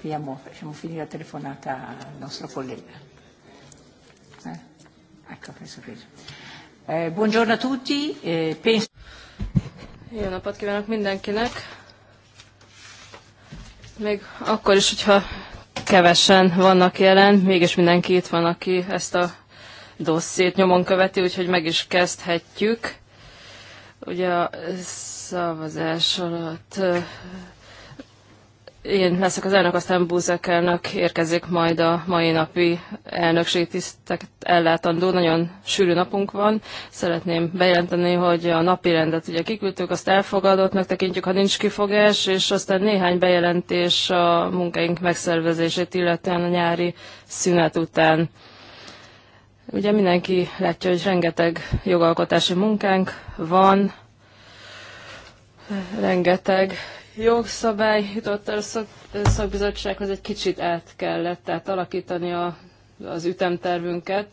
abbiamo, facciamo finire la telefonata al nostro collega. Eh? Ecco, penso che... Eh, buongiorno a tutti. Eh, penso... Jó napot kívánok mindenkinek! Még akkor is, hogyha kevesen vannak jelen, mégis mindenki itt van, aki ezt a dosszét nyomon követi, úgyhogy meg is kezdhetjük. Ugye a szavazás alatt én leszek az elnök, aztán Búzek elnök érkezik majd a mai napi elnökség tisztek ellátandó. Nagyon sűrű napunk van. Szeretném bejelenteni, hogy a napi rendet ugye kiküldtük, azt elfogadott, tekintjük, ha nincs kifogás, és aztán néhány bejelentés a munkáink megszervezését, illetően a nyári szünet után. Ugye mindenki látja, hogy rengeteg jogalkotási munkánk van, rengeteg jogszabály jutott el a szak, szakbizottsághoz, egy kicsit át kellett tehát alakítani a, az ütemtervünket,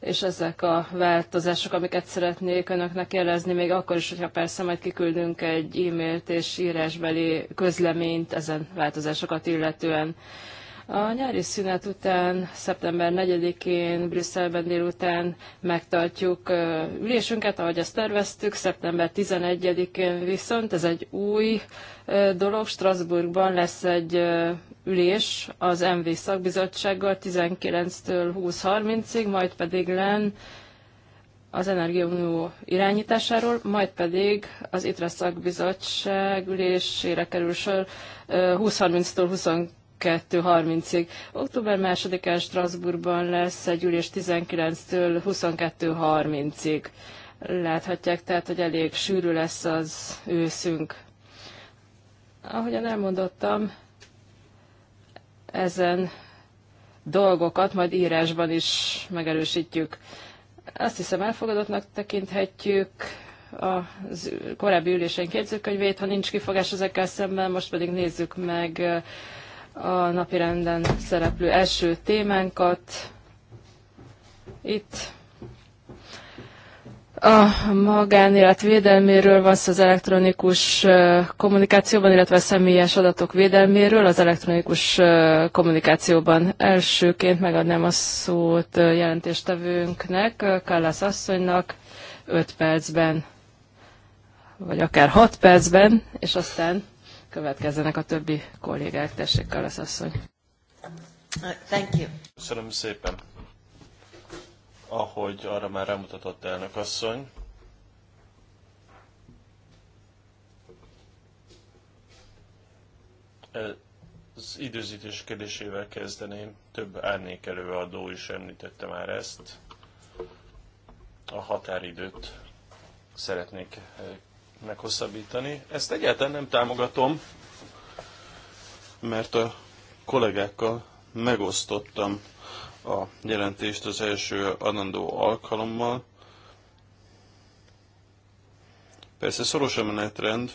és ezek a változások, amiket szeretnék önöknek jelezni, még akkor is, hogyha persze majd kiküldünk egy e-mailt és írásbeli közleményt ezen változásokat illetően. A nyári szünet után, szeptember 4-én Brüsszelben délután megtartjuk ülésünket, ahogy ezt terveztük, szeptember 11-én viszont ez egy új dolog, Strasbourgban lesz egy ülés az MV szakbizottsággal 19-től 20-30-ig, majd pedig len az Energiaunió irányításáról, majd pedig az ITRA szakbizottság ülésére kerül sor 20-30-től 2230 ig Október 2-án Strasbourgban lesz egy ülés 19-től 22.30-ig. Láthatják tehát, hogy elég sűrű lesz az őszünk. Ahogyan elmondottam, ezen dolgokat majd írásban is megerősítjük. Azt hiszem elfogadottnak tekinthetjük a korábbi ülésen képzőkönyvét, ha nincs kifogás ezekkel szemben, most pedig nézzük meg a napirenden szereplő első témánkat. Itt a magánélet védelméről van szó az elektronikus kommunikációban, illetve a személyes adatok védelméről az elektronikus kommunikációban. Elsőként megadnám a szót jelentéstevőnknek, Kallász asszonynak 5 percben, vagy akár 6 percben, és aztán következzenek a többi kollégák. Tessék, Kalasz asszony. Thank you. Köszönöm szépen. Ahogy arra már rámutatott elnök asszony, az időzítés kérdésével kezdeném. Több árnyék előadó is említette már ezt. A határidőt szeretnék eh, meghosszabbítani. Ezt egyáltalán nem támogatom, mert a kollégákkal megosztottam a jelentést az első adandó alkalommal. Persze szoros a menetrend,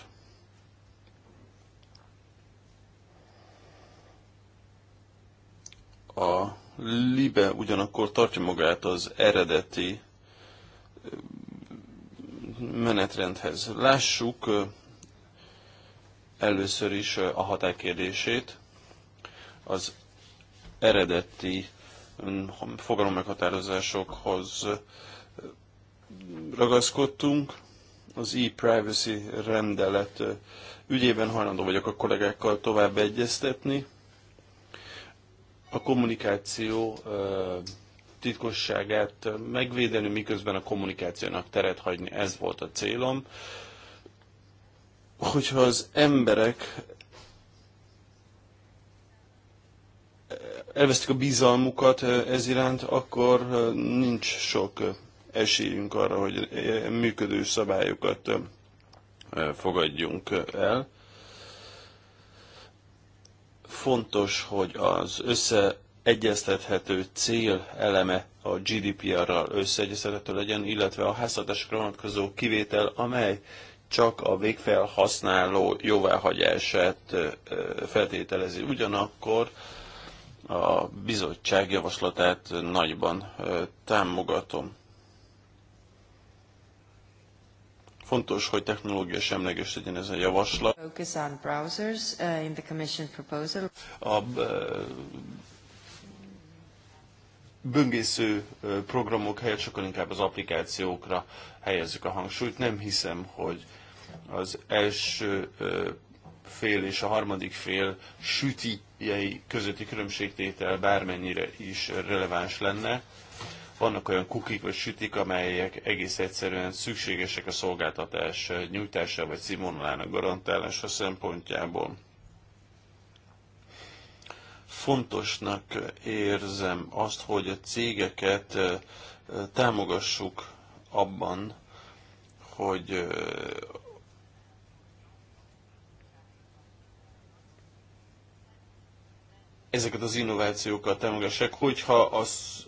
a Libe ugyanakkor tartja magát az eredeti menetrendhez. Lássuk először is a határkérdését Az eredeti fogalommeghatározásokhoz ragaszkodtunk. Az e-privacy rendelet ügyében hajlandó vagyok a kollégákkal tovább egyeztetni. A kommunikáció titkosságát megvédeni, miközben a kommunikációnak teret hagyni. Ez volt a célom. Hogyha az emberek elvesztik a bizalmukat eh, ez iránt, akkor eh, nincs sok eh, esélyünk arra, hogy működő szabályokat fogadjunk el. Fontos, hogy az össze egyeztethető cél eleme a GDPR-ral összeegyeztethető legyen, illetve a háztartásokra vonatkozó kivétel, amely csak a végfelhasználó jóváhagyását feltételezi. Ugyanakkor a bizottság javaslatát nagyban támogatom. Fontos, hogy technológia semleges legyen ez a javaslat. Uh, a böngésző programok helyett sokkal inkább az applikációkra helyezzük a hangsúlyt. Nem hiszem, hogy az első fél és a harmadik fél sütijei közötti különbségtétel bármennyire is releváns lenne. Vannak olyan kukik vagy sütik, amelyek egész egyszerűen szükségesek a szolgáltatás nyújtása vagy színvonalának garantálása szempontjából. Fontosnak érzem azt, hogy a cégeket támogassuk abban, hogy ezeket az innovációkat támogassák, hogyha az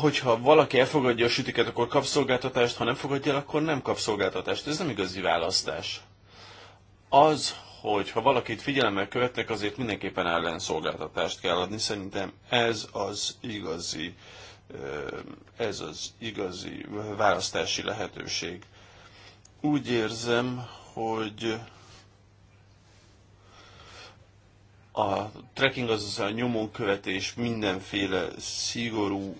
hogyha valaki elfogadja a sütiket, akkor kap szolgáltatást, ha nem fogadja el, akkor nem kap szolgáltatást. Ez nem igazi választás. Az, hogy ha valakit figyelemmel követnek, azért mindenképpen ellenszolgáltatást kell adni. Szerintem ez az igazi, ez az igazi választási lehetőség. Úgy érzem, hogy A trekking, azaz a nyomon követés mindenféle szigorú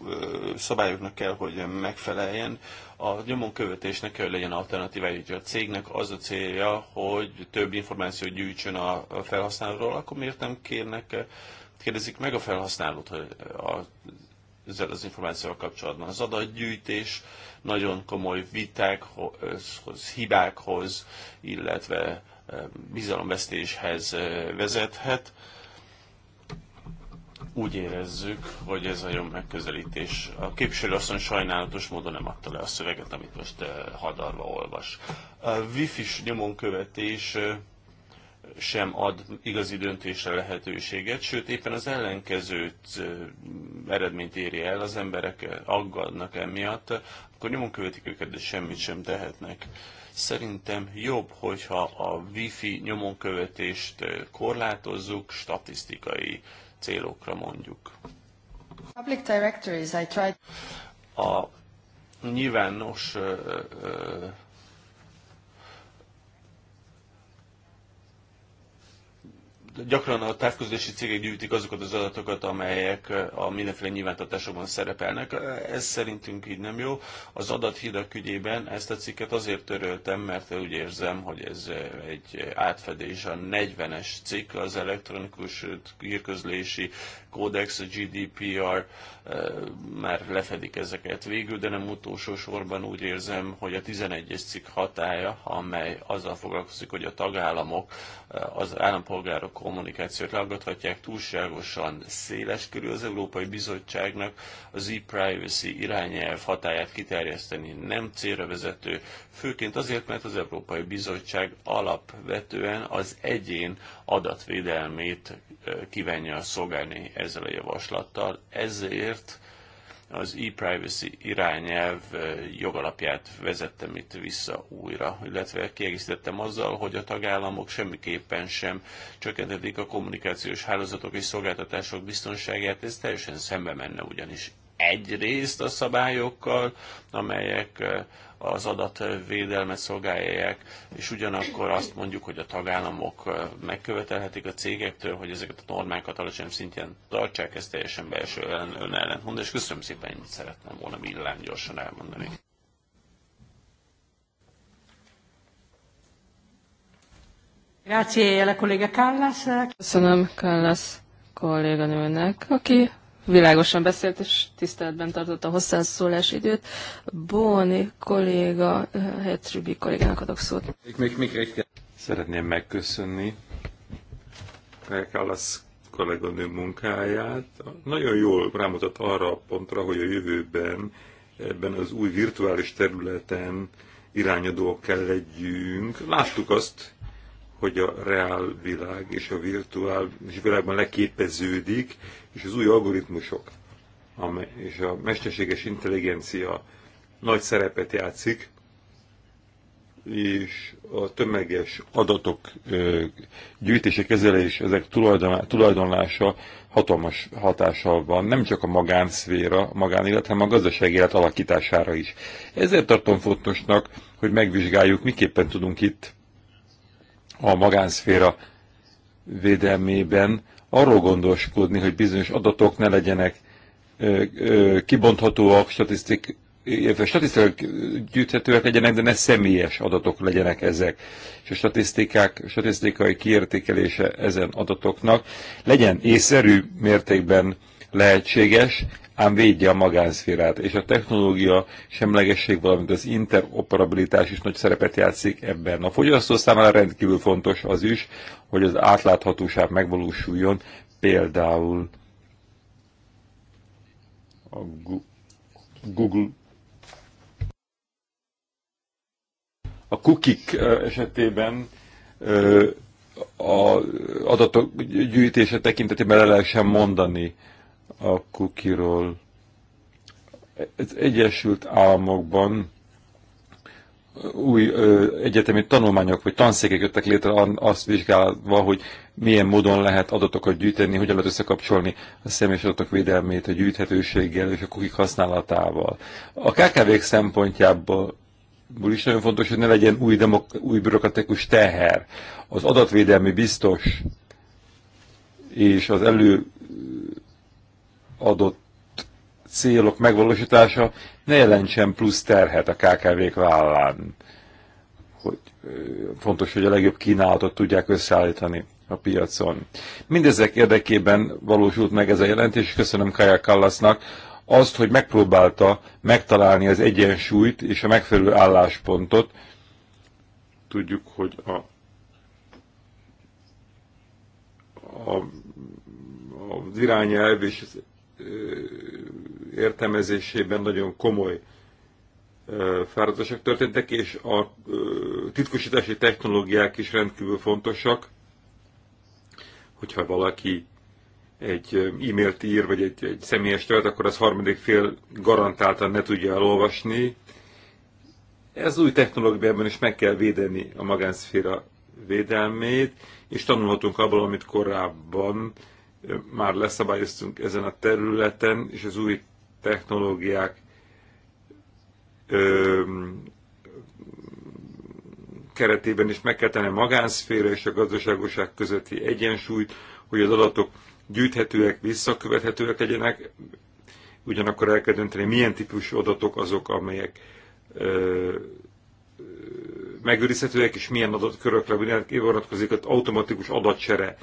szabályoknak kell, hogy megfeleljen. A nyomon követésnek kell, hogy legyen alternatívája, hogy a cégnek az a célja, hogy több információt gyűjtsön a felhasználóról, akkor miért nem kérnek, kérdezik meg a felhasználót, hogy a ezzel az információval kapcsolatban. Az adatgyűjtés nagyon komoly vitákhoz, hibákhoz, illetve bizalomvesztéshez vezethet. Úgy érezzük, hogy ez a jó megközelítés. A képviselő asszony sajnálatos módon nem adta le a szöveget, amit most hadarva olvas. A wifi-s nyomonkövetés sem ad igazi döntésre lehetőséget, sőt éppen az ellenkezőt eredményt éri el, az emberek aggadnak emiatt, akkor nyomon követik őket, de semmit sem tehetnek. Szerintem jobb, hogyha a wifi nyomonkövetést korlátozzuk, statisztikai célokra mondjuk. Public directories, I tried... A nyilvános uh, uh, gyakran a távközlési cégek gyűjtik azokat az adatokat, amelyek eh, a mindenféle nyilvántartásokban szerepelnek. Eh, ez szerintünk így nem jó. Az adathidak ügyében ezt a cikket azért töröltem, mert úgy érzem, hogy ez eh, egy átfedés. A 40-es cikk az elektronikus hírközlési kódex, a GDPR már lefedik ezeket végül, de nem utolsó sorban úgy érzem, hogy a 11-es cikk hatája, amely azzal foglalkozik, hogy a tagállamok az állampolgárok kommunikációt leaggathatják túlságosan széles körül az Európai Bizottságnak az e-privacy irányelv hatáját kiterjeszteni nem célra vezető, főként azért, mert az Európai Bizottság alapvetően az egyén adatvédelmét kívánja szolgálni ezzel a javaslattal, ezért az e-privacy irányelv jogalapját vezettem itt vissza újra, illetve kiegészítettem azzal, hogy a tagállamok semmiképpen sem csökkentetik a kommunikációs hálózatok és szolgáltatások biztonságát, ez teljesen szembe menne ugyanis egyrészt a szabályokkal, amelyek az adatvédelmet szolgálják, és ugyanakkor azt mondjuk, hogy a tagállamok megkövetelhetik a cégektől, hogy ezeket a normákat alacsony szintjén tartsák, ez teljesen belső ön mond, és köszönöm szépen, hogy szeretném volna villám gyorsan elmondani. Grazie alla collega Callas. Köszönöm Callas kolléganőnek, aki világosan beszélt, és tiszteletben tartotta a hozzászólás időt. Bóni kolléga, Hetrübi kollégának adok szót. még Szeretném megköszönni Kálasz kolléganő munkáját. Nagyon jól rámutat arra a pontra, hogy a jövőben ebben az új virtuális területen irányadóak kell legyünk. Láttuk azt, hogy a reál világ és a virtuális világban leképeződik, és az új algoritmusok, amely, és a mesterséges intelligencia nagy szerepet játszik, és a tömeges adatok gyűjtése, kezelés, ezek tulajdonlása hatalmas hatással van, nem csak a magánszféra, magánélet, hanem a gazdaság élet alakítására is. Ezért tartom fontosnak, hogy megvizsgáljuk, miképpen tudunk itt a magánszféra védelmében arról gondoskodni, hogy bizonyos adatok ne legyenek ö, ö, kibonthatóak, statisztik, statisztikák gyűjthetőek legyenek, de ne személyes adatok legyenek ezek. És a statisztikák, statisztikai kiértékelése ezen adatoknak legyen észszerű mértékben lehetséges, ám védje a magánszférát, és a technológia semlegesség, valamint az interoperabilitás is nagy szerepet játszik ebben. A fogyasztó számára rendkívül fontos az is, hogy az átláthatóság megvalósuljon, például a Google a kukik esetében a adatok gyűjtése tekintetében le lehessen mondani a kukiról. Az Egyesült Államokban új ö, egyetemi tanulmányok vagy tanszékek jöttek létre azt vizsgálva, hogy milyen módon lehet adatokat gyűjteni, hogyan lehet összekapcsolni a személyes adatok védelmét a gyűjthetőséggel és a kukik használatával. A kkv szempontjából Ból is nagyon fontos, hogy ne legyen új, demok- új bürokratikus teher. Az adatvédelmi biztos és az elő adott célok megvalósítása ne jelentsen plusz terhet a KKV-k vállán. Hogy, fontos, hogy a legjobb kínálatot tudják összeállítani a piacon. Mindezek érdekében valósult meg ez a jelentés, és köszönöm Kaja Kallasznak azt, hogy megpróbálta megtalálni az egyensúlyt és a megfelelő álláspontot. Tudjuk, hogy a, a az irányelv és az értelmezésében nagyon komoly fáradozások történtek, és a titkosítási technológiák is rendkívül fontosak, hogyha valaki egy e-mailt ír, vagy egy, egy személyes tölt, akkor az harmadik fél garantáltan ne tudja elolvasni. Ez új technológiában is meg kell védeni a magánszféra védelmét, és tanulhatunk abból, amit korábban már leszabályoztunk ezen a területen, és az új technológiák ö, keretében is meg kell tenni a magánszféra és a gazdaságoság közötti egyensúlyt, hogy az adatok gyűjthetőek, visszakövethetőek legyenek, ugyanakkor el kell dönteni, milyen típusú adatok azok, amelyek ö, megőrizhetőek, és milyen adatkörökre vonatkozik az automatikus adatcsere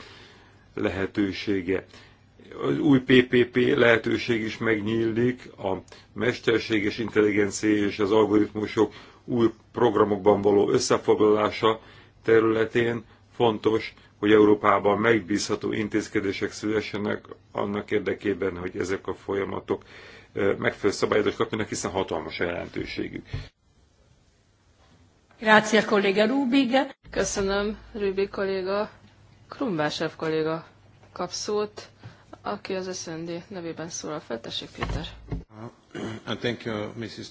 lehetősége. Az új PPP lehetőség is megnyílik, a mesterséges intelligencia és az algoritmusok új programokban való összefoglalása területén fontos, hogy Európában megbízható intézkedések szülessenek annak érdekében, hogy ezek a folyamatok megfelelő szabályozást kapjanak, hiszen hatalmas a jelentőségük. Grazie, kolléga Rubig. Köszönöm, Rubik kolléga. Krumbásev kolléga kap szót, aki az SZND nevében szólal fel. Tessék, Péter. Uh, thank you, Mrs.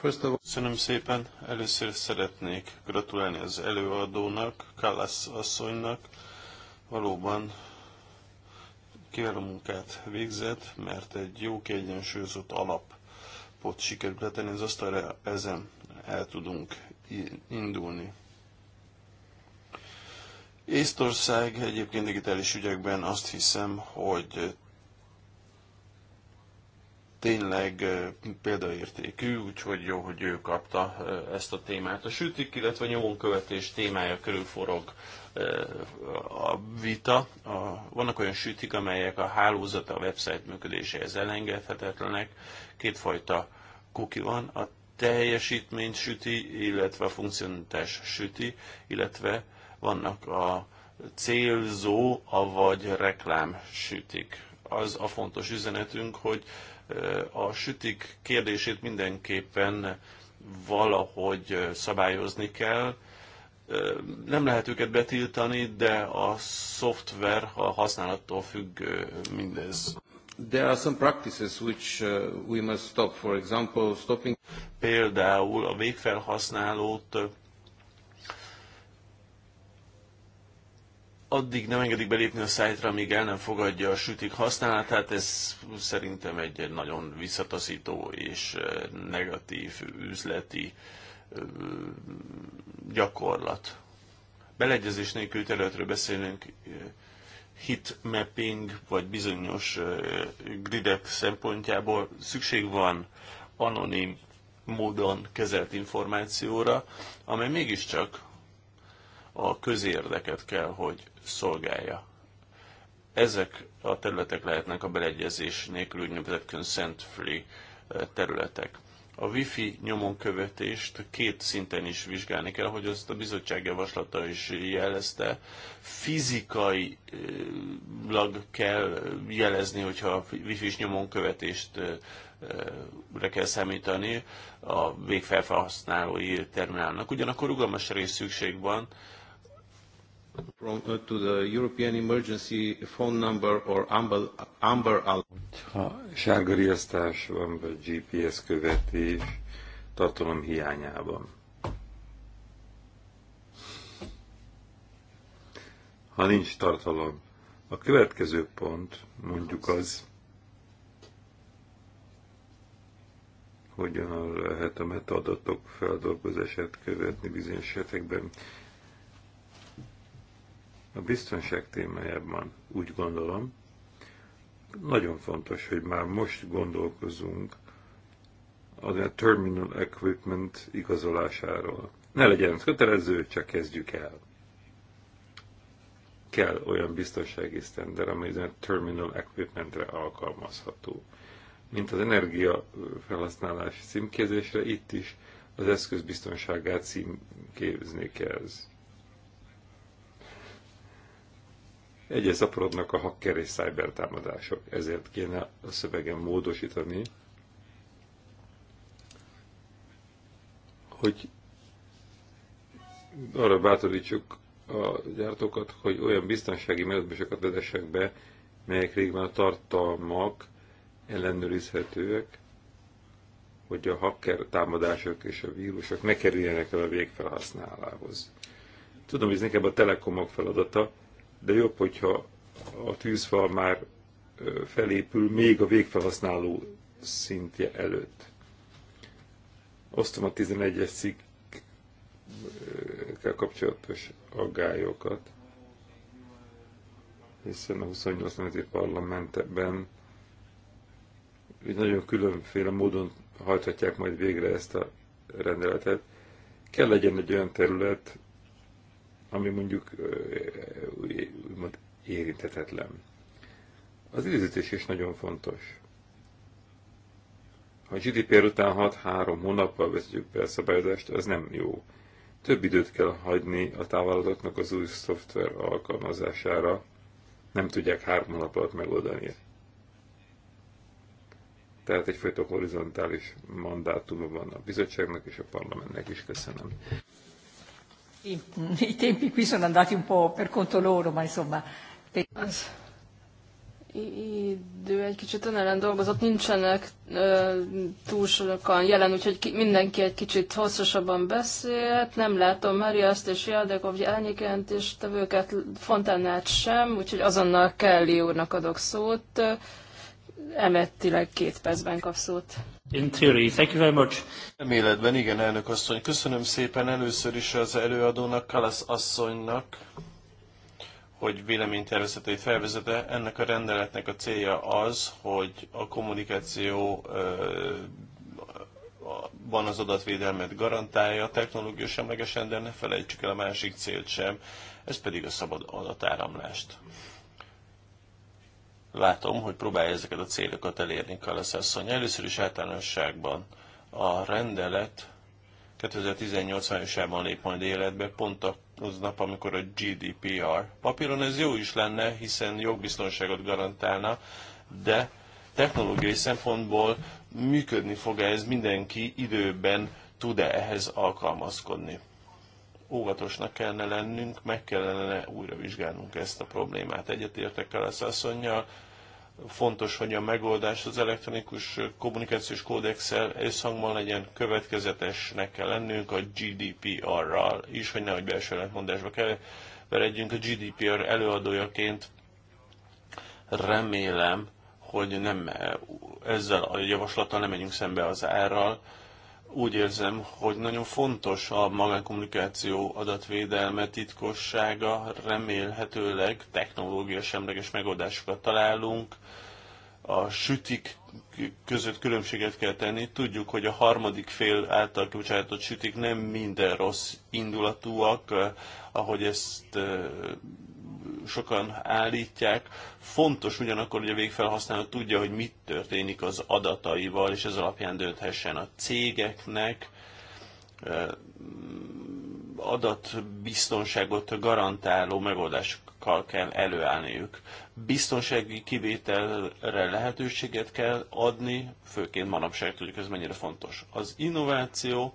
Köszönöm szépen. Először szeretnék gratulálni az előadónak, Kallas asszonynak. Valóban kiváló munkát végzett, mert egy jó kiegyensúlyozott alapot sikerült letenni az asztalra, ezen el tudunk indulni. Észtország egyébként digitális ügyekben azt hiszem, hogy tényleg példaértékű, úgyhogy jó, hogy ő kapta ezt a témát. A sütik, illetve nyomonkövetés témája körül forog a vita. A, vannak olyan sütik, amelyek a hálózat, a website működéséhez elengedhetetlenek. Kétfajta kuki van, a teljesítményt süti, illetve a funkcionalitás süti, illetve vannak a célzó, avagy reklám sütik. Az a fontos üzenetünk, hogy eh, a sütik kérdését mindenképpen valahogy eh, szabályozni kell. Eh, nem lehet őket betiltani, de a szoftver a használattól függ mindez. There are some practices which we must stop, for example, stopping. Például a végfelhasználót addig nem engedik belépni a szájtra, amíg el nem fogadja a sütik használatát, ez szerintem egy nagyon visszataszító és negatív üzleti gyakorlat. Beleegyezés nélkül területről beszélünk, Hit mapping vagy bizonyos gridek szempontjából szükség van anonim módon kezelt információra, amely mégiscsak a közérdeket kell, hogy szolgálja. Ezek a területek lehetnek a beleegyezés nélkül úgynevezett consent-free eh, területek. A wifi nyomon követést két szinten is vizsgálni kell, hogy azt a bizottság javaslata is jelezte. Fizikailag eh, kell eh, jelezni, hogyha a wifi nyomon követést le kell számítani a végfelhasználói terminálnak. Ugyanakkor rugalmas rész szükség van From, uh, to the European Emergency Phone Number or Amber, Amber Alert. Ha sárgariasztás van, vagy GPS követés tartalom hiányában. Ha nincs tartalom, a következő pont mondjuk az, hogyan lehet a metadatok feldolgozását követni bizonyos esetekben. A biztonság témájában úgy gondolom, nagyon fontos, hogy már most gondolkozunk az a terminal equipment igazolásáról. Ne legyen kötelező, csak kezdjük el. Kell olyan biztonsági sztender, ami a terminal equipmentre alkalmazható. Mint az energia címkézésre, itt is az eszköz biztonságát címkézni kell. egyre szaporodnak a hacker és cyber támadások, ezért kéne a szövegen módosítani, hogy arra bátorítsuk a gyártókat, hogy olyan biztonsági mechanizmusokat vezessenek be, melyek rég a tartalmak ellenőrizhetőek, hogy a hacker támadások és a vírusok ne kerüljenek el a végfelhasználához. Tudom, hogy ez nekem a telekomok feladata, de jobb, hogyha a tűzfal már felépül még a végfelhasználó szintje előtt. Osztom a 11-es cikkkel kapcsolatos aggályokat, hiszen a 28 nemzeti parlamentben nagyon különféle módon hajthatják majd végre ezt a rendeletet. Kell legyen egy olyan terület, ami mondjuk úgymond érintetetlen. Az időzítés is nagyon fontos. Ha a GDPR után 6-3 hónappal vezetjük be a szabályozást, az nem jó. Több időt kell hagyni a távállalatoknak az új szoftver alkalmazására. Nem tudják három hónap alatt megoldani. Tehát egyfajta horizontális mandátuma van a bizottságnak és a parlamentnek is. Köszönöm. I tempi qui sono andati un po' per conto loro, ma insomma... idő egy kicsit önellen dolgozott, nincsenek ö, túl sokan jelen, úgyhogy ki, mindenki egy kicsit hosszasabban beszélt. Nem látom Mari azt és Jadekov elnyikent és tevőket, Fontánát sem, úgyhogy azonnal Kelly úrnak adok szót. Emettileg két percben kap szót. In theory. Thank you very much. Elméletben igen, elnök asszony. Köszönöm szépen először is az előadónak, Kalasz asszonynak, hogy véleménytervezetét felvezete. Ennek a rendeletnek a célja az, hogy a kommunikáció van az adatvédelmet garantálja, technológia semlegesen, de ne felejtsük el a másik célt sem, ez pedig a szabad adatáramlást látom, hogy próbálja ezeket a célokat elérni a asszony. Először is általánosságban a rendelet 2018 májusában lép majd életbe, pont az nap, amikor a GDPR. Papíron ez jó is lenne, hiszen jogbiztonságot garantálna, de technológiai szempontból működni fog -e ez mindenki időben tud-e ehhez alkalmazkodni óvatosnak kellene lennünk, meg kellene újra vizsgálnunk ezt a problémát. Egyetértek el az asszonynal, fontos, hogy a megoldás az elektronikus kommunikációs kódexel összhangban legyen, következetesnek kell lennünk a GDPR-ral is, hogy nehogy belső ellentmondásba keveredjünk. A GDPR előadójaként remélem, hogy nem ezzel a javaslattal nem megyünk szembe az árral, úgy érzem, hogy nagyon fontos a magánkommunikáció adatvédelme titkossága, remélhetőleg technológia semleges megoldásokat találunk, a sütik között különbséget kell tenni. Tudjuk, hogy a harmadik fél által kibocsátott sütik nem minden rossz indulatúak, eh, ahogy ezt eh, sokan állítják. Fontos ugyanakkor, hogy a végfelhasználó tudja, hogy mit történik az adataival, és ez alapján dönthessen a cégeknek, adatbiztonságot garantáló megoldásokkal kell előállniuk. Biztonsági kivételre lehetőséget kell adni, főként manapság tudjuk, ez mennyire fontos. Az innováció,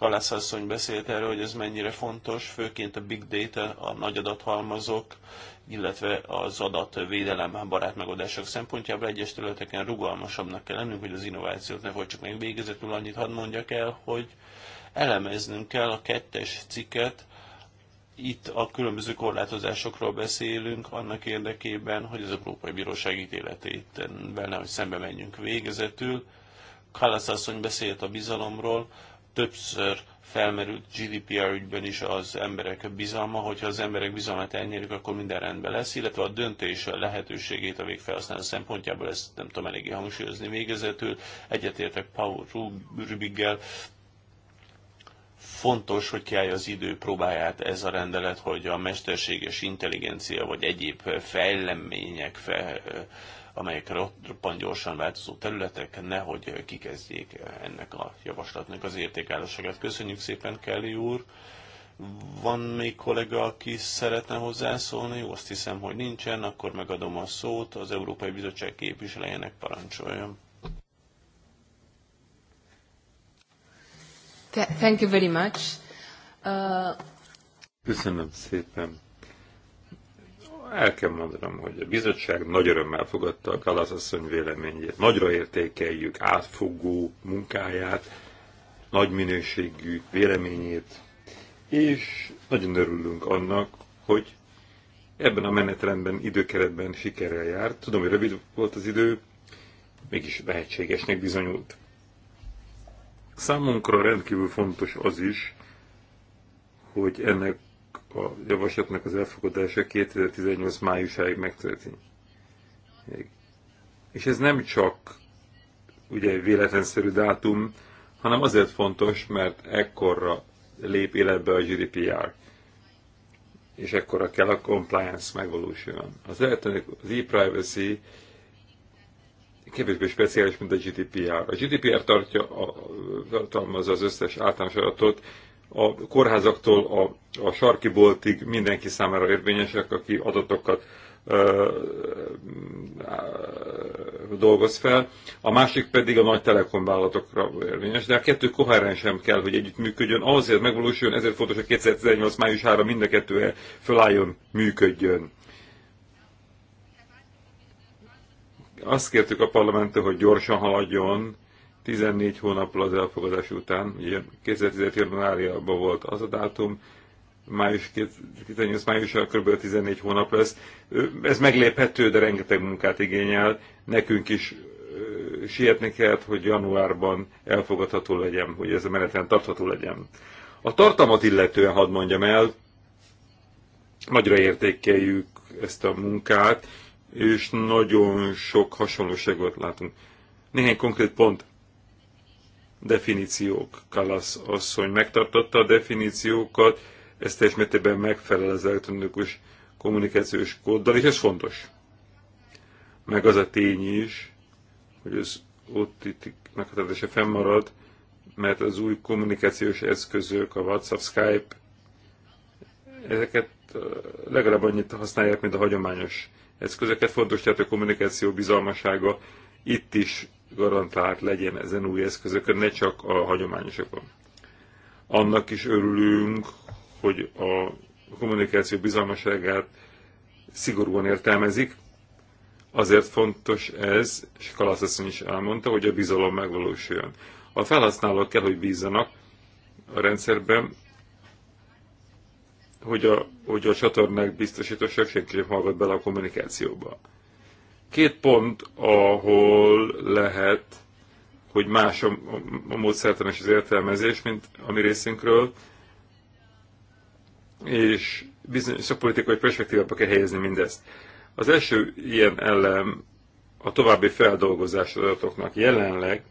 Kalász asszony beszélt erről, hogy ez mennyire fontos, főként a big data, a nagy adathalmazok, illetve az adatvédelem barát megoldások szempontjából egyes területeken rugalmasabbnak kell lennünk, hogy az innovációt ne folytsuk meg végezetül. Annyit hadd mondjak el, hogy elemeznünk kell a kettes cikket, itt a különböző korlátozásokról beszélünk annak érdekében, hogy az Európai Bíróság ítéletét hogy szembe menjünk végezetül. Kalasz asszony beszélt a bizalomról, többször felmerült GDPR ügyben is az emberek bizalma, hogyha az emberek bizalmát elnyerik, akkor minden rendben lesz, illetve a döntés lehetőségét a végfelhasználó szempontjából ezt nem tudom eléggé hangsúlyozni végezetül. Egyetértek Paul Rubiggel, fontos, hogy kiállja az idő próbáját ez a rendelet, hogy a mesterséges intelligencia vagy egyéb fejlemények fel, amelyek roppant gyorsan változó területek, nehogy kikezdjék ennek a javaslatnak az értékállóságát. Köszönjük szépen, Kelly úr! Van még kollega, aki szeretne hozzászólni? Azt hiszem, hogy nincsen, akkor megadom a szót az Európai Bizottság képviselőjének parancsoljon. Thank you very much. Uh... Köszönöm szépen el kell mondanom, hogy a bizottság nagy örömmel fogadta a Kalasz asszony véleményét. Nagyra értékeljük átfogó munkáját, nagy minőségű véleményét, és nagyon örülünk annak, hogy ebben a menetrendben, időkeretben sikerrel járt. Tudom, hogy rövid volt az idő, mégis lehetségesnek bizonyult. Számunkra rendkívül fontos az is, hogy ennek a javaslatnak az elfogadása 2018 májusáig megtörténik. És ez nem csak ugye véletlenszerű dátum, hanem azért fontos, mert ekkorra lép életbe a GDPR, és ekkora kell a compliance megvalósuljon. Az, az e-privacy kevésbé speciális, mint a GDPR. A GDPR tartja, a, tartalmazza az összes általános adatot, a kórházaktól a, a sarki boltig mindenki számára érvényesek, aki adatokat ö, ö, dolgoz fel, a másik pedig a nagy telekomvállalatokra érvényes, de a kettő sem kell, hogy együtt működjön, azért megvalósuljon, ezért fontos, hogy 2018 májusára mind a kettő fölálljon, működjön. Azt kértük a parlamenttől, hogy gyorsan haladjon, 14 hónappal az elfogadás után, ugye 2017. januárjában volt az a dátum, május 2008 május kb. 14 hónap lesz. Ez megléphető, de rengeteg munkát igényel. Nekünk is sietni kellett, hogy januárban elfogadható legyen, hogy ez a menetlen tartható legyen. A tartalmat illetően hadd mondjam el, nagyra értékeljük ezt a munkát, és nagyon sok hasonlóságot látunk. Néhány konkrét pont definíciók. Kalasz asszony megtartotta a definíciókat, ez teljes mértékben megfelel az elektronikus kommunikációs kóddal, és ez fontos. Meg az a tény is, hogy az OTT meghatározása fennmarad, mert az új kommunikációs eszközök, a WhatsApp, Skype, ezeket legalább annyit használják, mint a hagyományos eszközöket. Fontos tehát a kommunikáció bizalmasága itt is garantált legyen ezen új eszközökön, ne csak a hagyományosokon. Annak is örülünk, hogy a kommunikáció bizalmaságát szigorúan értelmezik, Azért fontos ez, és Kalaszaszon is elmondta, hogy a bizalom megvalósuljon. A felhasználók kell, hogy bízzanak a rendszerben, hogy a, hogy a csatornák biztosítósak senki sem hallgat bele a kommunikációba. Két pont, ahol lehet, hogy más a, a módszertan és az értelmezés, mint a mi részünkről, és bizonyos szakpolitikai perspektívába kell helyezni mindezt. Az első ilyen elem a további feldolgozás adatoknak jelenleg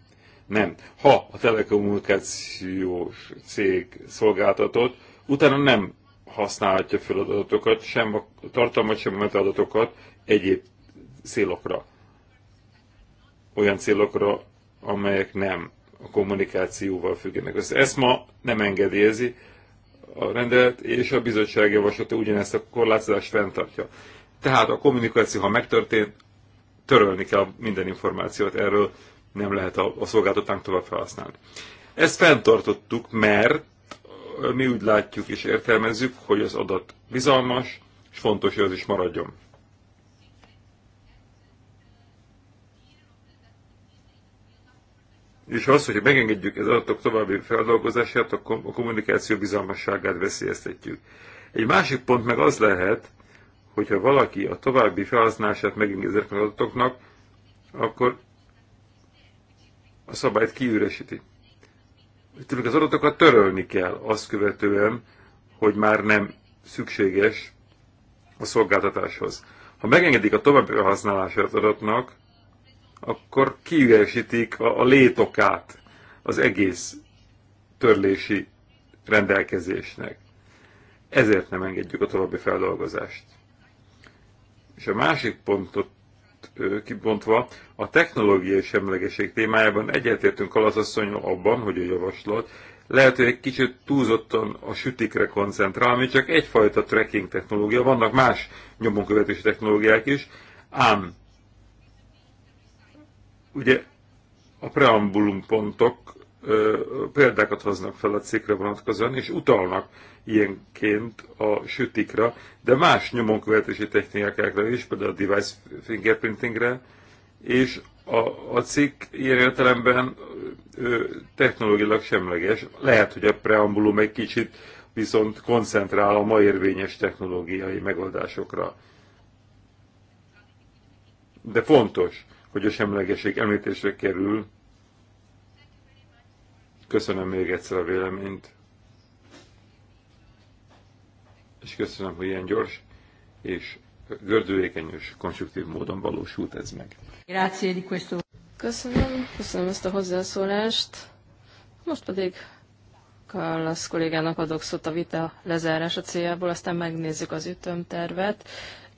nem. Ha a telekommunikációs cég szolgáltatott, utána nem használhatja fel adatokat, sem a tartalmat, sem a metaadatokat egyéb célokra. Olyan célokra, amelyek nem a kommunikációval függenek össze. Ezt ma nem engedélyezi a rendelet, és a bizottság javaslata ugyanezt a korlátozást fenntartja. Tehát a kommunikáció, ha megtörtént, törölni kell minden információt, erről nem lehet a, a szolgáltatánk tovább felhasználni. Ezt fenntartottuk, mert mi úgy látjuk és értelmezzük, hogy az adat bizalmas, és fontos, hogy az is maradjon. és az, hogyha megengedjük az adatok további feldolgozását, a kommunikáció bizalmasságát veszélyeztetjük. Egy másik pont meg az lehet, hogyha valaki a további felhasználását megengedi az adatoknak, akkor a szabályt kiüresíti. Tudjuk, az adatokat törölni kell azt követően, hogy már nem szükséges a szolgáltatáshoz. Ha megengedik a további felhasználását adatnak, akkor kiüresítik a, a létokát az egész törlési rendelkezésnek. Ezért nem engedjük a további feldolgozást. És a másik pontot kibontva, a technológiai semlegeség témájában egyetértünk alazasszonyra abban, hogy a javaslat lehet, hogy egy kicsit túlzottan a sütikre koncentrál, ami csak egyfajta tracking technológia, vannak más nyomonkövetési technológiák is, ám Ugye a preambulum pontok ö, példákat hoznak fel a cikkre vonatkozóan, és utalnak ilyenként a sütikra, de más nyomonkövetési technikákra is, például a device fingerprintingre, és a, a cikk ilyen értelemben ö, technológilag semleges. Lehet, hogy a preambulum egy kicsit viszont koncentrál a ma érvényes technológiai megoldásokra. De fontos, hogy a semlegesség említésre kerül. Köszönöm még egyszer a véleményt, és köszönöm, hogy ilyen gyors és gördülékeny és konstruktív módon valósult ez meg. Köszönöm, köszönöm ezt a hozzászólást. Most pedig Kallasz kollégának adok szót a vita lezárása céljából, aztán megnézzük az ütömtervet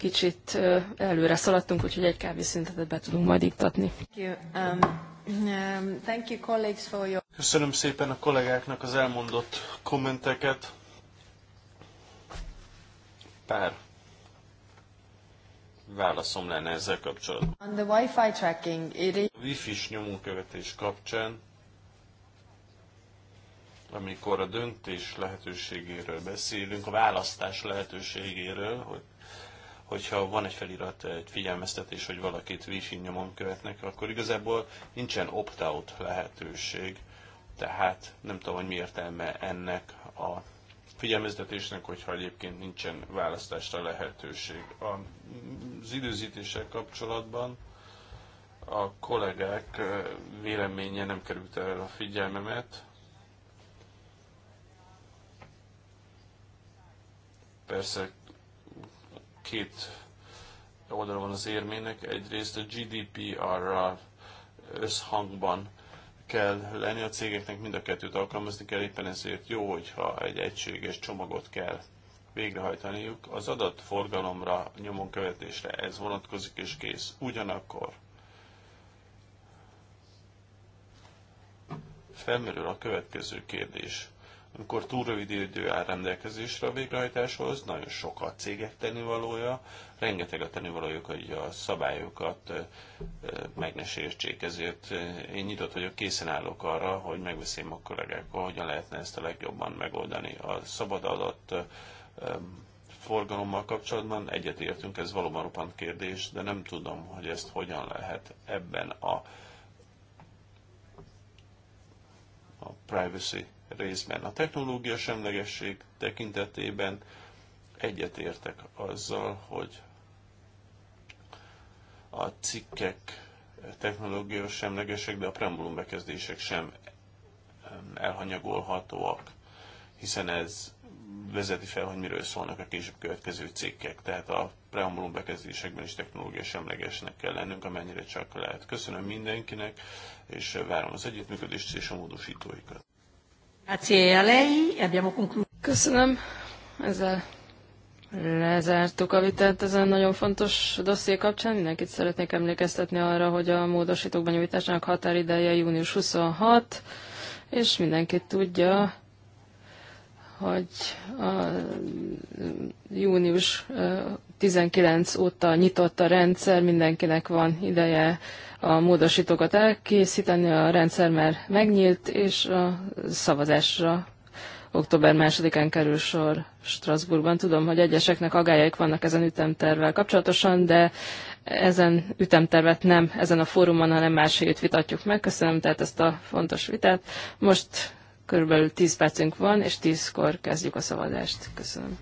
kicsit előre szaladtunk, úgyhogy egy kávészüntetet be tudunk majd iktatni. Um, um, Köszönöm szépen a kollégáknak az elmondott kommenteket. Pár válaszom lenne ezzel kapcsolatban. On the Wi-Fi tracking, it is... A wi fi kapcsán, amikor a döntés lehetőségéről beszélünk, a választás lehetőségéről, hogy hogyha van egy felirat, egy figyelmeztetés, hogy valakit wifi nyomon követnek, akkor igazából nincsen opt-out lehetőség. Tehát nem tudom, hogy mi értelme ennek a figyelmeztetésnek, hogyha egyébként nincsen választásra lehetőség. Az időzítéssel kapcsolatban a kollégák véleménye nem került el a figyelmemet. Persze két oldala van az érmének. Egyrészt a GDPR-ral összhangban kell lenni a cégeknek, mind a kettőt alkalmazni kell, éppen ezért jó, hogyha egy egységes csomagot kell végrehajtaniuk. Az adatforgalomra, nyomon követésre ez vonatkozik és kész. Ugyanakkor felmerül a következő kérdés amikor túl rövid idő áll rendelkezésre a végrehajtáshoz, nagyon sok a cégek tennivalója, rengeteg a tennivalójuk, hogy a szabályokat meg ne sértsék, ezért én nyitott vagyok, készen állok arra, hogy megbeszéljem a kollégákkal, hogyan lehetne ezt a legjobban megoldani. A szabad adott forgalommal kapcsolatban egyetértünk, ez valóban rupant kérdés, de nem tudom, hogy ezt hogyan lehet ebben a, a privacy részben. A technológia semlegesség tekintetében egyetértek azzal, hogy a cikkek technológia semlegesek, de a preambulum bekezdések sem elhanyagolhatóak, hiszen ez vezeti fel, hogy miről szólnak a később következő cikkek. Tehát a preambulum bekezdésekben is technológia semlegesnek kell lennünk, amennyire csak lehet. Köszönöm mindenkinek, és várom az együttműködést és a módosítóikat. E Köszönöm. Ezzel lezártuk a vitát ezen nagyon fontos dosszié kapcsán. Mindenkit szeretnék emlékeztetni arra, hogy a módosítók benyújtásának határideje június 26, és mindenki tudja, hogy a június 2019 óta nyitott a rendszer, mindenkinek van ideje a módosítókat elkészíteni, a rendszer már megnyílt, és a szavazásra október másodikán kerül sor Strasbourgban. Tudom, hogy egyeseknek agályaik vannak ezen ütemtervvel kapcsolatosan, de ezen ütemtervet nem ezen a fórumon, hanem más hét vitatjuk meg. Köszönöm tehát ezt a fontos vitát. Most körülbelül 10 percünk van, és 10-kor kezdjük a szavazást. Köszönöm.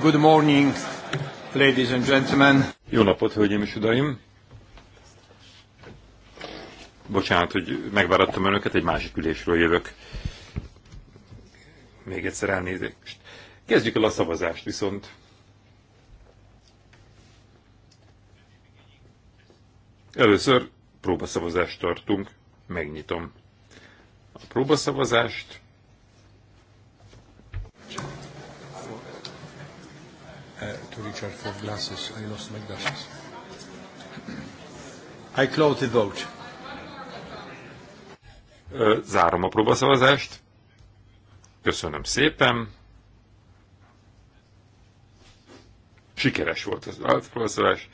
Good morning, ladies and gentlemen. Jó napot, hölgyeim és uraim! Bocsánat, hogy megvárattam önöket, egy másik ülésről jövök. Még egyszer elnézést. Kezdjük el a szavazást viszont. Először próbaszavazást tartunk, megnyitom a próbaszavazást, Richard for glasses. I lost my glasses. I close the vote. Zárom a próbaszavazást. Köszönöm szépen. Sikeres volt az próbaszavazás.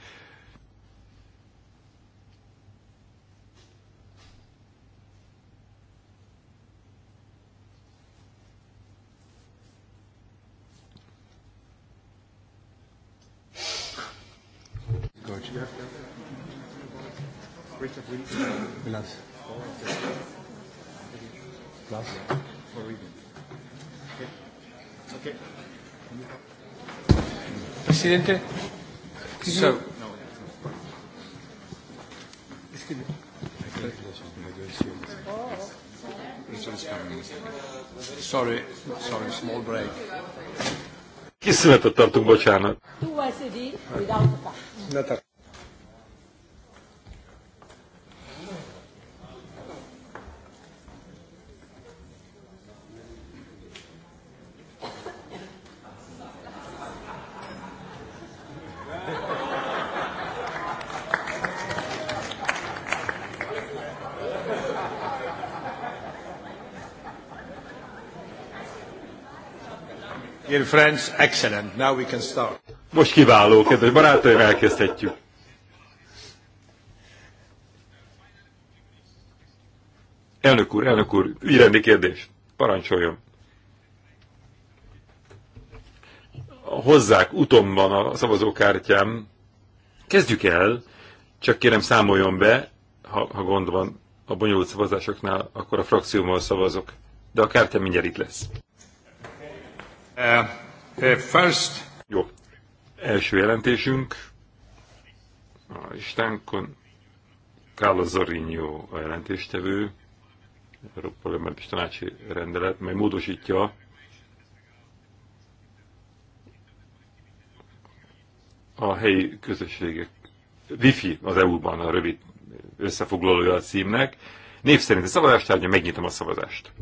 szünetet tartunk, bocsánat. friends, excellent. Now we can start. Most kiváló, kedves barátaim, elkezdhetjük. Elnök úr, elnök úr, ügyrendi kérdés. Parancsoljon. Hozzák utomban a szavazókártyám. Kezdjük el, csak kérem számoljon be, ha, ha gond van a bonyolult szavazásoknál, akkor a frakciómmal szavazok. De a kártya mindjárt itt lesz. Uh, uh, first... Jó. Első jelentésünk. A Istánkon Carlos Zorinho a jelentéstevő, Európa Parlamenti Tanácsi Rendelet, mely módosítja a helyi közösségek Wi-Fi az EU-ban a rövid összefoglalója a címnek. Név szerint a szavazástárgya, megnyitom a szavazást.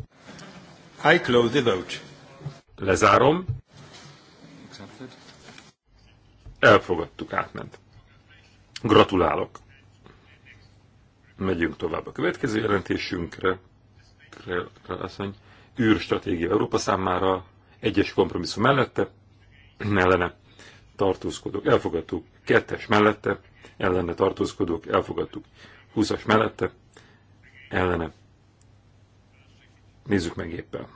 I close the vote. Lezárom. Elfogadtuk, átment. Gratulálok. Megyünk tovább a következő jelentésünkre. Asszony, űrstratégia Európa számára, egyes kompromisszum mellette, ellene tartózkodók, elfogadtuk, kettes mellette, ellene tartózkodók, elfogadtuk, húszas mellette, ellene. Nézzük meg éppen.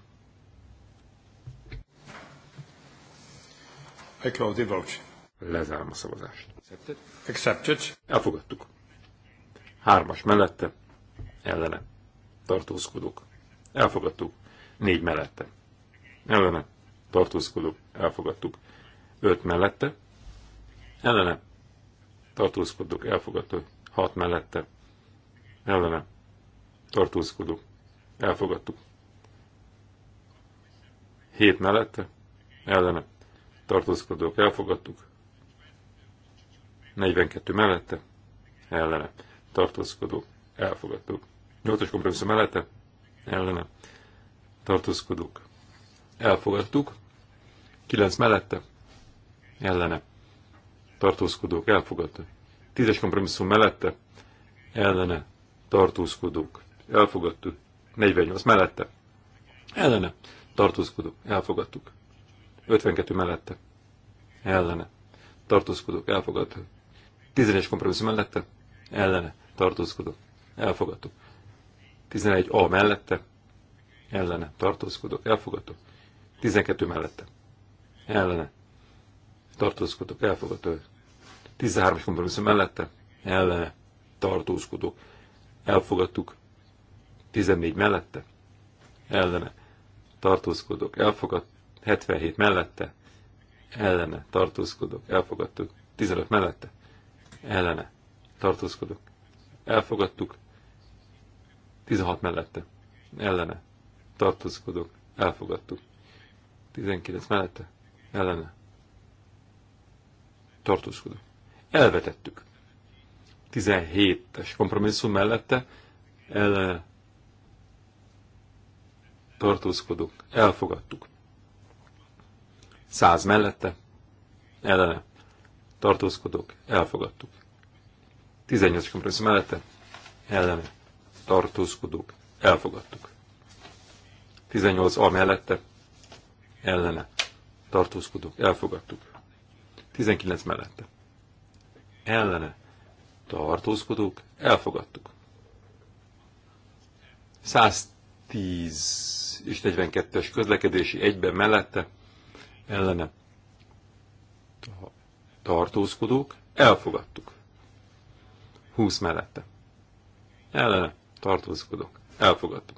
I close the vote. Lezárom a szavazást. Accepted. Accepted. Elfogadtuk. Hármas mellette, ellene. Tartózkodók. Elfogadtuk. Négy mellette. Ellene. Tartózkodók. Elfogadtuk. Öt mellette. Ellene. Tartózkodók. Elfogadtuk. Hat mellette. Ellene. Tartózkodók. Elfogadtuk. Hét mellette. Ellene tartózkodók elfogadtuk, 42 mellette, ellene, tartózkodók elfogadtuk, 8-as kompromisszum mellette, ellene, tartózkodók elfogadtuk, 9 mellette, ellene, tartózkodók elfogadtuk, 10-es kompromisszum mellette, ellene, tartózkodók elfogadtuk, 48 mellette, ellene, tartózkodók elfogadtuk, 52 mellette. Ellene. Tartózkodok. Elfogadtuk. 11 kompromisszum mellette. Ellene. Tartózkodok. Elfogadtuk. 11A mellette. Ellene. Tartózkodok. Elfogadtuk. 12 mellette. Ellene. Tartózkodok. Elfogadtuk. 13 kompromisszum mellette. Ellene. Tartózkodok. Elfogadtuk. 14 mellette. Ellene. Tartózkodok. Elfogadtuk 77 mellette, ellene tartózkodok, elfogadtuk. 15 mellette, ellene tartózkodok, elfogadtuk. 16 mellette, ellene tartózkodok, elfogadtuk. 19 mellette, ellene tartózkodok. Elvetettük. 17-es kompromisszum mellette, ellene tartózkodunk, elfogadtuk. 100 mellette, ellene, tartózkodók, elfogadtuk. 18 kompromisszum mellette, ellene, tartózkodók, elfogadtuk. 18 A mellette, ellene, tartózkodók, elfogadtuk. 19 mellette, ellene, tartózkodók, elfogadtuk. 110 és 42-es közlekedési egyben mellette, ellene tartózkodók, elfogadtuk. 20 mellette. Ellene tartózkodók, elfogadtuk.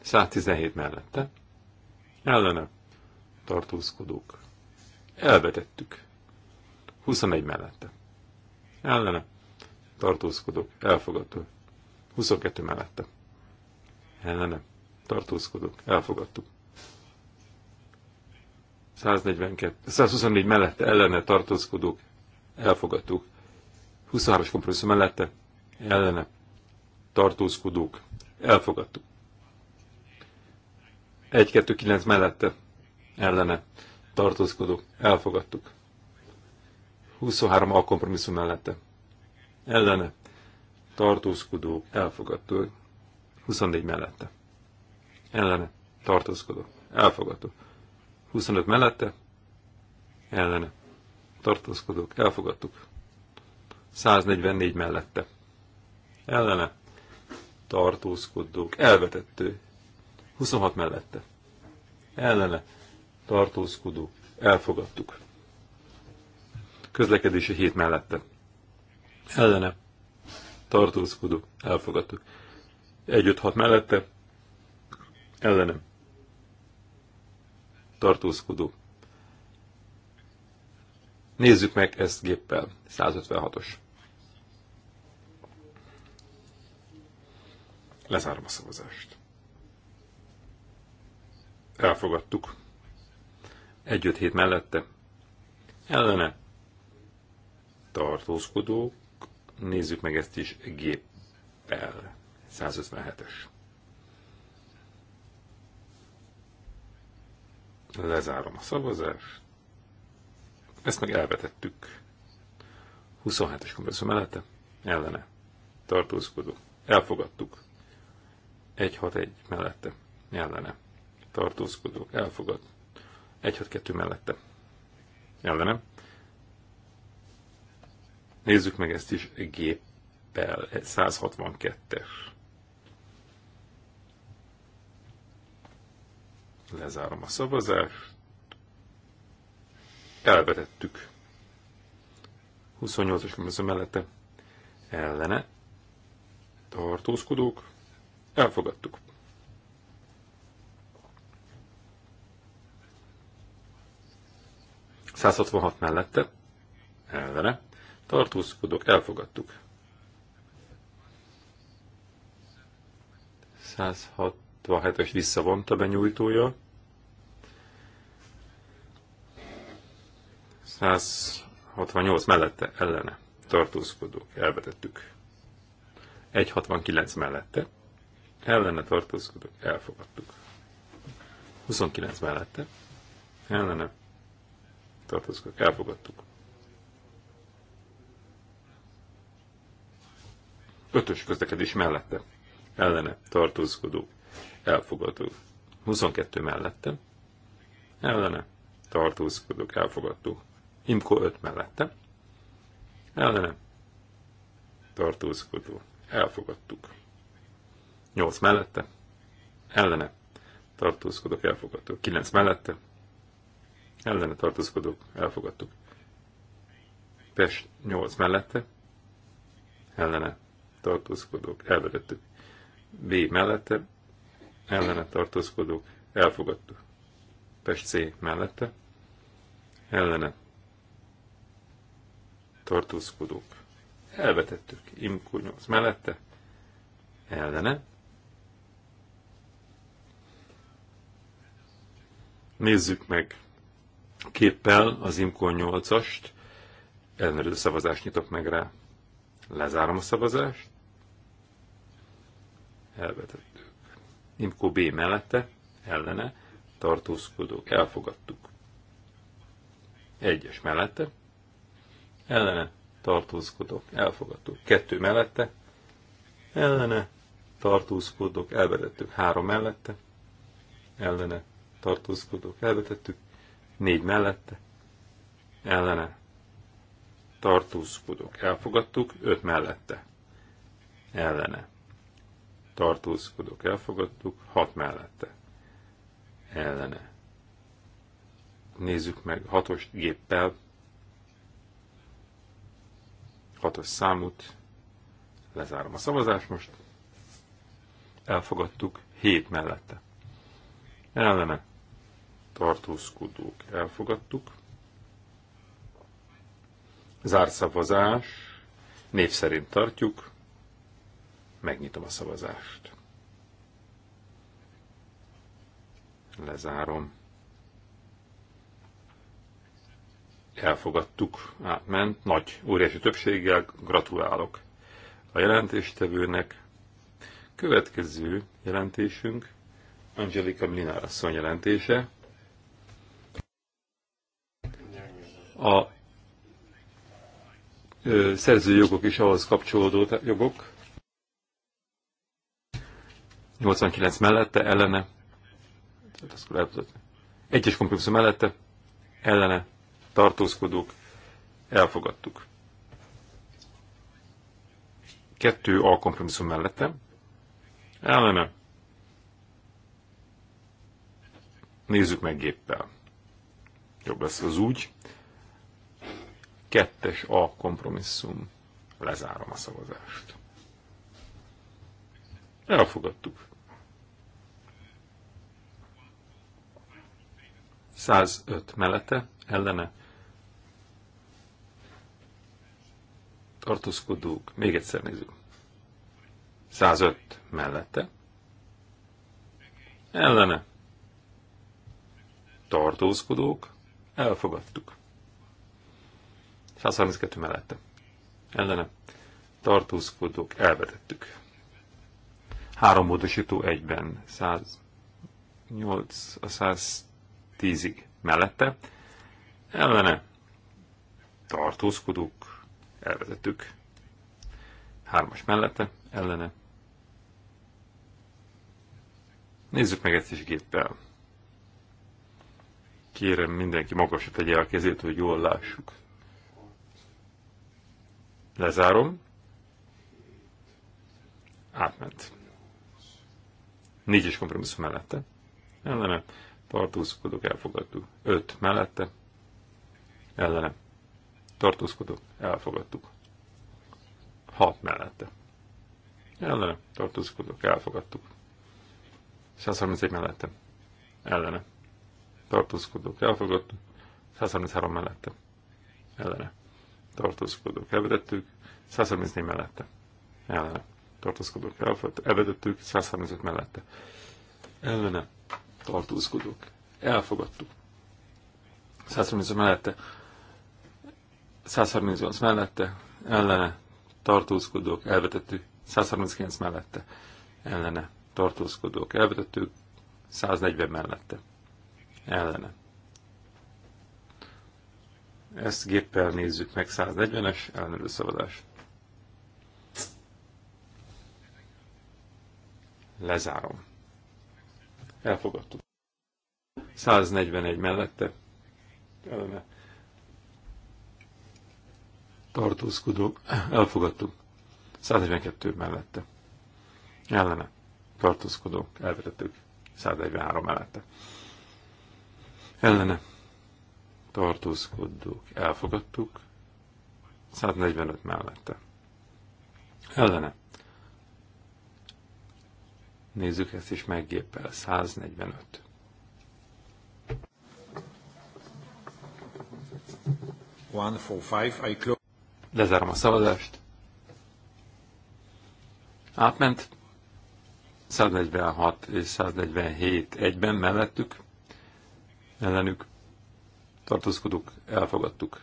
117 mellette. Ellene tartózkodók, elvetettük. 21 mellette. Ellene tartózkodók, elfogadtuk. 22 mellette. Ellene tartózkodók, elfogadtuk. 124 mellette ellene tartózkodók elfogadtuk. 23-as kompromisszum mellette ellene tartózkodók elfogadtuk. 129 mellette ellene tartózkodók elfogadtuk. 23 a kompromisszum mellette ellene tartózkodók elfogadtuk. 24 mellette ellene tartózkodók elfogadtuk. 25 mellette, ellene, tartózkodók, elfogadtuk. 144 mellette, ellene, tartózkodók, elvetettő. 26 mellette, ellene, Tartózkodó, elfogadtuk. Közlekedési 7 mellette, ellene, Tartózkodó, elfogadtuk. 1-5-6 mellette, ellenem tartózkodó. Nézzük meg ezt géppel. 156-os. Lezárom a szavazást. Elfogadtuk. Egy-öt hét mellette. Ellene. Tartózkodók. Nézzük meg ezt is géppel. 157-es. Lezárom a szavazást. Ezt meg elvetettük. 27-es kompresszor mellette, ellene, tartózkodó. Elfogadtuk. 161 mellette, ellene, tartózkodó, elfogad. 162 mellette, ellene. Nézzük meg ezt is géppel, 162-es. Lezárom a szavazást. Elvetettük. 28-as különböző mellette ellene tartózkodók. Elfogadtuk. ...166 mellette, ellene, tartózkodók, elfogadtuk. 106 67-es visszavonta benyújtója. 168 mellette ellene tartózkodók, elvetettük. 169 mellette ellene tartózkodók, elfogadtuk. 29 mellette ellene tartózkodók, elfogadtuk. Ötös közlekedés mellette ellene tartózkodók, elfogadó. 22 mellette. ellene, tartózkodok, elfogadó. Imko 5 mellette. ellene, tartózkodó, elfogadtuk. 8 mellette, ellene, tartózkodok, elfogadó. 9 mellette, ellene tartózkodok, elfogadtuk. Pest 8 mellette, ellene tartózkodók, elvedettük. B mellette, ellene tartózkodók elfogadtuk. Pest C mellette ellene tartózkodók elvetettük. Imkó 8 mellette ellene Nézzük meg képpel az Imkó 8-ast. Ellenőrző szavazást nyitok meg rá. Lezárom a szavazást. Elvetett. Imkó B mellette, ellene, tartózkodók, elfogadtuk. Egyes mellette, ellene, tartózkodók, elfogadtuk. Kettő mellette, ellene, tartózkodók, elvetettük. Három mellette, ellene, tartózkodók, elvetettük. Négy mellette, ellene, tartózkodók, elfogadtuk. Öt mellette, ellene, tartózkodok, elfogadtuk, hat mellette ellene. Nézzük meg hatos géppel, hatos számút, lezárom a szavazást most, elfogadtuk hét mellette. Ellene tartózkodók elfogadtuk. Zárszavazás, név szerint tartjuk, Megnyitom a szavazást. Lezárom. Elfogadtuk, átment, nagy, óriási többséggel gratulálok a jelentéstevőnek. Következő jelentésünk Angelika Mlinár asszony jelentése. A szerzőjogok és ahhoz kapcsolódó jogok 89 mellette, ellene, egyes kompromisszum mellette, ellene, tartózkodók, elfogadtuk. Kettő A kompromisszum mellette, ellene, nézzük meg géppel. Jobb lesz az úgy. Kettes A kompromisszum. Lezárom a szavazást. Elfogadtuk. 105 mellette, ellene. Tartózkodók. Még egyszer nézzük. 105 mellette. Ellene. Tartózkodók. Elfogadtuk. 132 mellette. Ellene. Tartózkodók. Elvetettük. Három módosító egyben, 108 a 110-ig mellette. Ellene tartózkodók, elvezettük. Hármas mellette, ellene. Nézzük meg ezt is géppel. Kérem, mindenki magasra tegye a kezét, hogy jól lássuk. Lezárom. Átment. Négyes kompromisszum mellette. Ellene. Tartózkodok, elfogadtuk. Öt mellette. Ellene. Tartózkodok, elfogadtuk. Hat mellette. Ellene. Tartózkodok, elfogadtuk. 131 mellette. Ellene. Tartózkodok, elfogadtuk. 133 mellette. Ellene. Tartózkodok, elvedettük. 134 mellette. Ellene tartózkodók elvetettük, 135 mellette. Ellene tartózkodók elfogadtuk. 135 mellette, 138 mellette, ellene tartózkodók elvetettük, 139 mellette, ellene tartózkodók elvetettük, 140 mellette, ellene. Ezt géppel nézzük meg, 140-es ellenőrző szavazás. Lezárom. Elfogadtuk. 141 mellette ellene tartózkodók, elfogadtuk. 142 mellette ellene tartózkodók, elvetettük. 143 mellette ellene tartózkodók, elfogadtuk. 145 mellette ellene Nézzük ezt is meggéppel. 145. One, four, five, I close. Lezárom a szavazást. Átment 146 és 147 egyben mellettük, ellenük tartózkodók, elfogadtuk.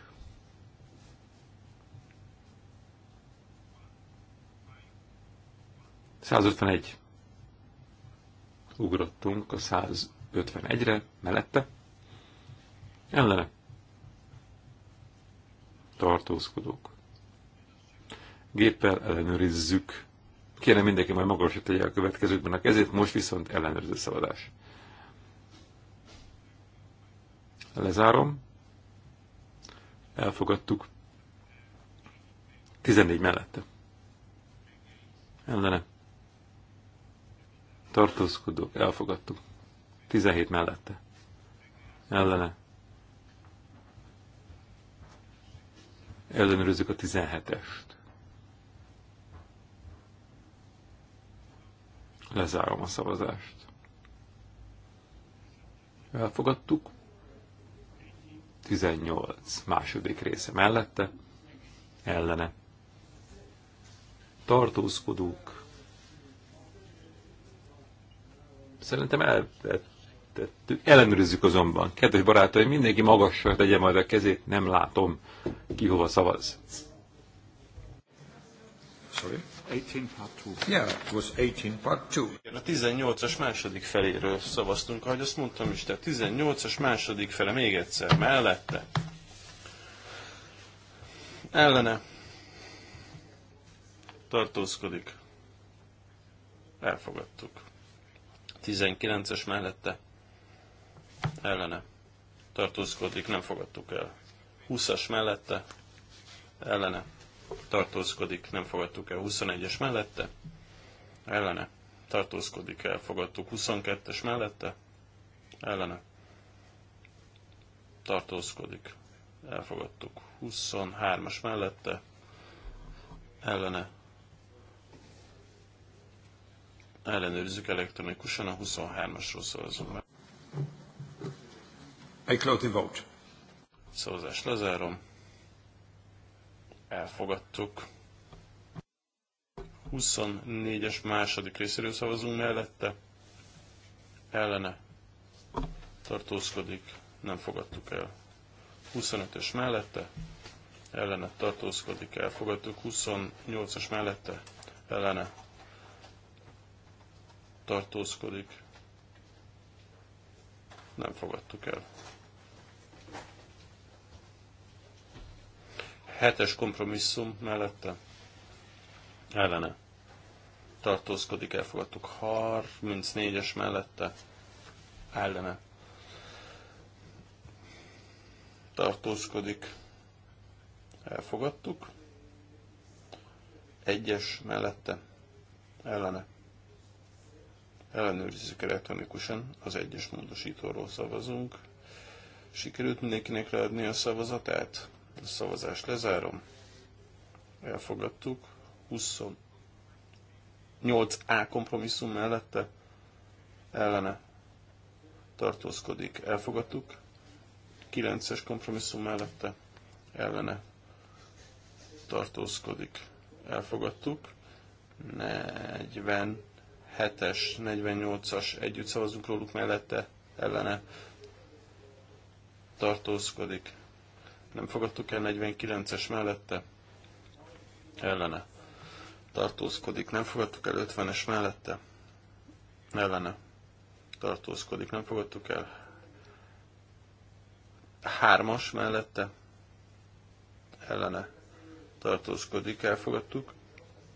Százötvenegy ugrottunk a 151-re mellette, ellene tartózkodók. Géppel ellenőrizzük. Kéne mindenki majd magasra tegye a következőkben a kezét, most viszont ellenőrző szabadás. Lezárom. Elfogadtuk. 14 mellette. Ellene tartózkodók, elfogadtuk. 17 mellette. Ellene. Ellenőrizzük a 17-est. Lezárom a szavazást. Elfogadtuk. 18 második része mellette. Ellene. Tartózkodók, szerintem elvetettük. Ellenőrizzük azonban. Kedves barátaim, mindenki magasra tegye majd a kezét, nem látom, ki hova szavaz. Sorry? 18 part 2. Yeah, it was 18 part 2. A 18-as második feléről szavaztunk, ahogy azt mondtam is, tehát 18-as második fele még egyszer, mellette. Ellene. Tartózkodik. Elfogadtuk. 19-es mellette ellene tartózkodik, nem fogadtuk el. 20-as mellette ellene tartózkodik, nem fogadtuk el. 21-es mellette ellene tartózkodik, fogadtuk. 22-es mellette ellene tartózkodik, elfogadtuk. 23-as mellette ellene ellenőrizzük elektronikusan, a 23-asról szavazunk meg. I close the vote. Szavazás lezárom. Elfogadtuk. 24-es második részéről szavazunk mellette. Ellene tartózkodik, nem fogadtuk el. 25-ös mellette, ellene tartózkodik, elfogadtuk. 28-as mellette, ellene tartózkodik. Nem fogadtuk el. Hetes kompromisszum mellette ellene tartózkodik, elfogadtuk. 34-es mellette ellene tartózkodik, elfogadtuk. Egyes mellette ellene ellenőrizzük elektronikusan, az egyes módosítóról szavazunk. Sikerült mindenkinek leadni a szavazatát? A szavazást lezárom. Elfogadtuk. 28A kompromisszum mellette ellene tartózkodik. Elfogadtuk. 9-es kompromisszum mellette ellene tartózkodik. Elfogadtuk. 40 7-es, 48-as együtt szavazunk róluk mellette, ellene tartózkodik. Nem fogadtuk el 49-es mellette, ellene tartózkodik. Nem fogadtuk el 50-es mellette, ellene tartózkodik. Nem fogadtuk el 3-as mellette, ellene tartózkodik. Elfogadtuk.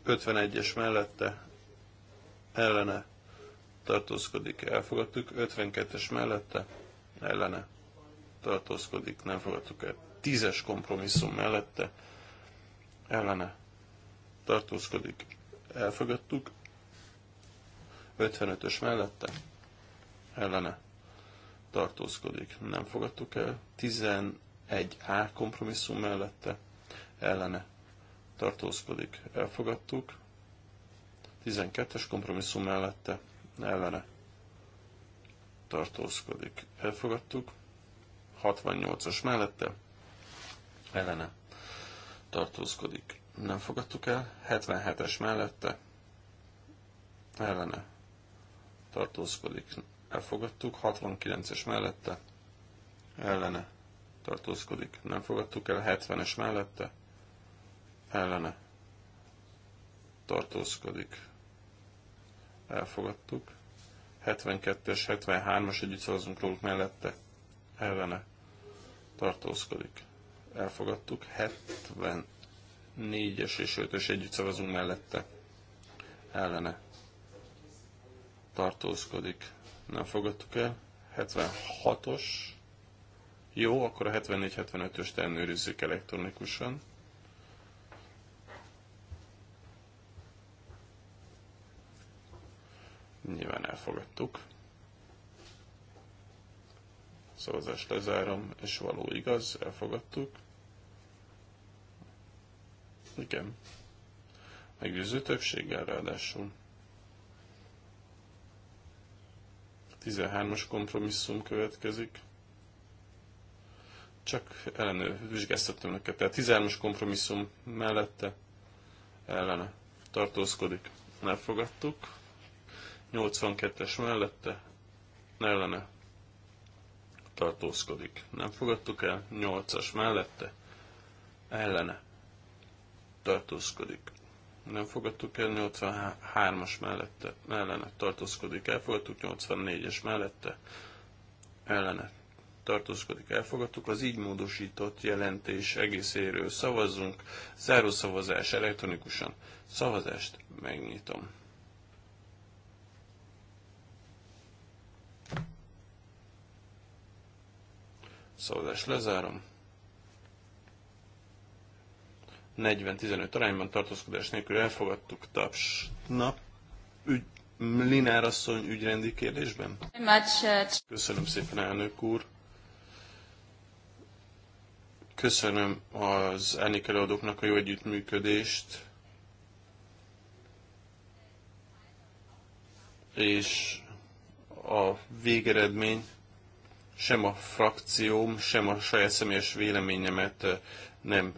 51-es mellette, ellene tartózkodik, elfogadtuk, 52-es mellette ellene tartózkodik, nem fogadtuk el, 10-es kompromisszum mellette ellene tartózkodik, elfogadtuk, 55-ös mellette ellene tartózkodik, nem fogadtuk el, 11A kompromisszum mellette ellene tartózkodik, elfogadtuk, 12-es kompromisszum mellette ellene tartózkodik. Elfogadtuk. 68-as mellette ellene tartózkodik. Nem fogadtuk el. 77-es mellette ellene tartózkodik. Elfogadtuk. 69-es mellette ellene tartózkodik. Nem fogadtuk el. 70-es mellette ellene tartózkodik elfogadtuk. 72-es, 73-as együtt szavazunk róluk mellette, ellene tartózkodik. Elfogadtuk. 74-es és 5-ös együtt szavazunk mellette, ellene tartózkodik. Nem fogadtuk el. 76-os. Jó, akkor a 74 75 ös ellenőrizzük elektronikusan. Nyilván elfogadtuk. Szavazást lezárom, és való igaz, elfogadtuk. Igen. Meggyőző többséggel ráadásul. 13-as kompromisszum következik. Csak ellenőr, vizsgáztatom neked. Tehát 13-as kompromisszum mellette ellene tartózkodik. Elfogadtuk. 82-es mellette ellene tartózkodik. Nem fogadtuk el, 8-as mellette ellene tartózkodik. Nem fogadtuk el, 83-as mellette ellene tartózkodik. Elfogadtuk 84-es mellette ellene tartózkodik. Elfogadtuk az így módosított jelentés egészéről szavazzunk. Zárószavazás elektronikusan. Szavazást megnyitom. Szavazást lezárom. 40-15 arányban tartózkodás nélkül elfogadtuk taps nap ügy, Linár asszony ügyrendi kérdésben. Uh, Köszönöm szépen, elnök úr. Köszönöm az elnék előadóknak a jó együttműködést. És a végeredmény sem a frakcióm, sem a saját személyes véleményemet nem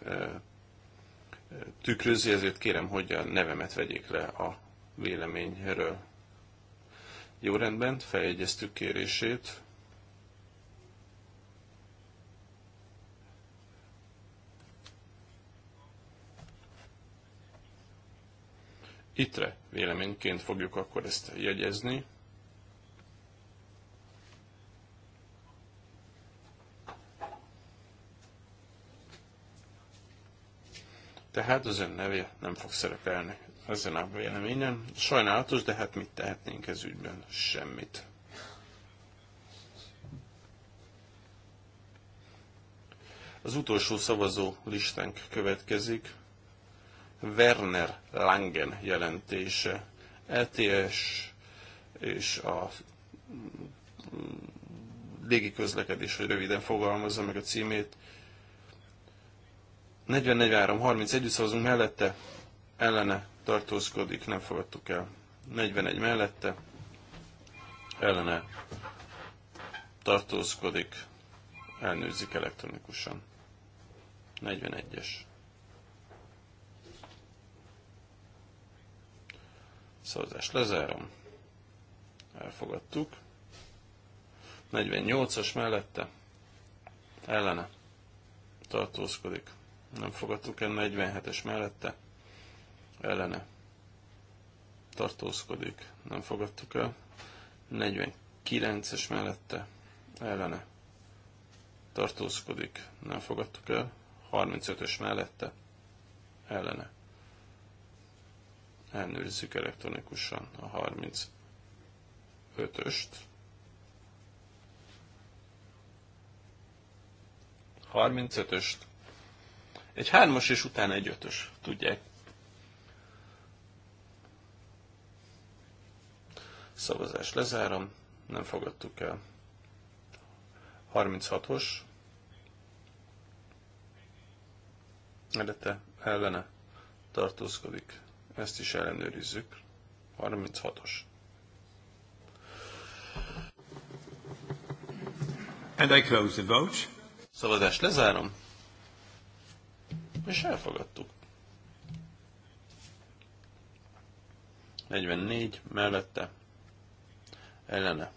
tükrözi, ezért kérem, hogy a nevemet vegyék le a véleményről. Jó rendben, feljegyeztük kérését. Itre véleményként fogjuk akkor ezt jegyezni. Tehát az ön neve nem fog szerepelni ezen a véleményen. Sajnálatos, de hát mit tehetnénk ez ügyben? Semmit. Az utolsó szavazó listánk következik. Werner Langen jelentése. ETS és a közlekedés, hogy röviden fogalmazza meg a címét, 40 43 31 együtt szavazunk mellette, ellene tartózkodik, nem fogadtuk el. 41 mellette, ellene tartózkodik, elnőzik elektronikusan. 41-es. Szavazást lezárom. Elfogadtuk. 48-as mellette, ellene tartózkodik, nem fogadtuk el 47-es mellette, ellene tartózkodik, nem fogadtuk el, 49-es mellette, ellene tartózkodik, nem fogadtuk el, 35-ös mellette, ellene. ellenőrizzük elektronikusan a 35-öst. 35-öst egy hármas és utána egy ötös, tudják. Szavazás lezárom, nem fogadtuk el. 36-os. Edete ellene tartózkodik. Ezt is ellenőrizzük. 36-os. And I close the vote. Szavazást lezárom és elfogadtuk. 44 mellette ellene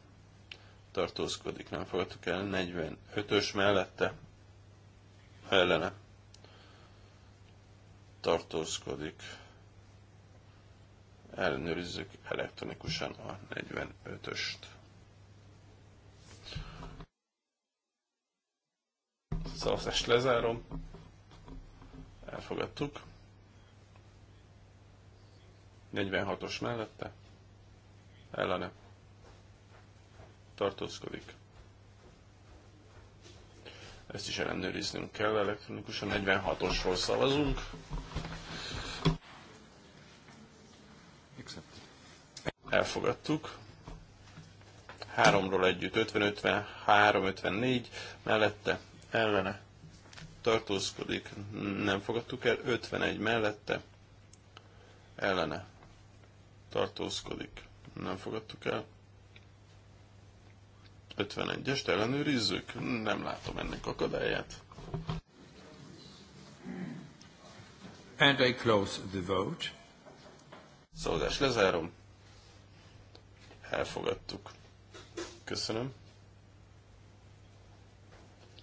tartózkodik, nem fogadtuk el, 45-ös mellette ellene tartózkodik, ellenőrizzük elektronikusan a 45-öst. Szavazást lezárom elfogadtuk. 46-os mellette, ellene, tartózkodik. Ezt is ellenőriznünk kell, elektronikusan 46-osról szavazunk. Elfogadtuk. 3-ról együtt 50-53-54 mellette, ellene tartózkodik, nem fogadtuk el, 51 mellette, ellene tartózkodik, nem fogadtuk el. 51-est ellenőrizzük, nem látom ennek akadályát. And I close the vote. Szolgás lezárom. Elfogadtuk. Köszönöm.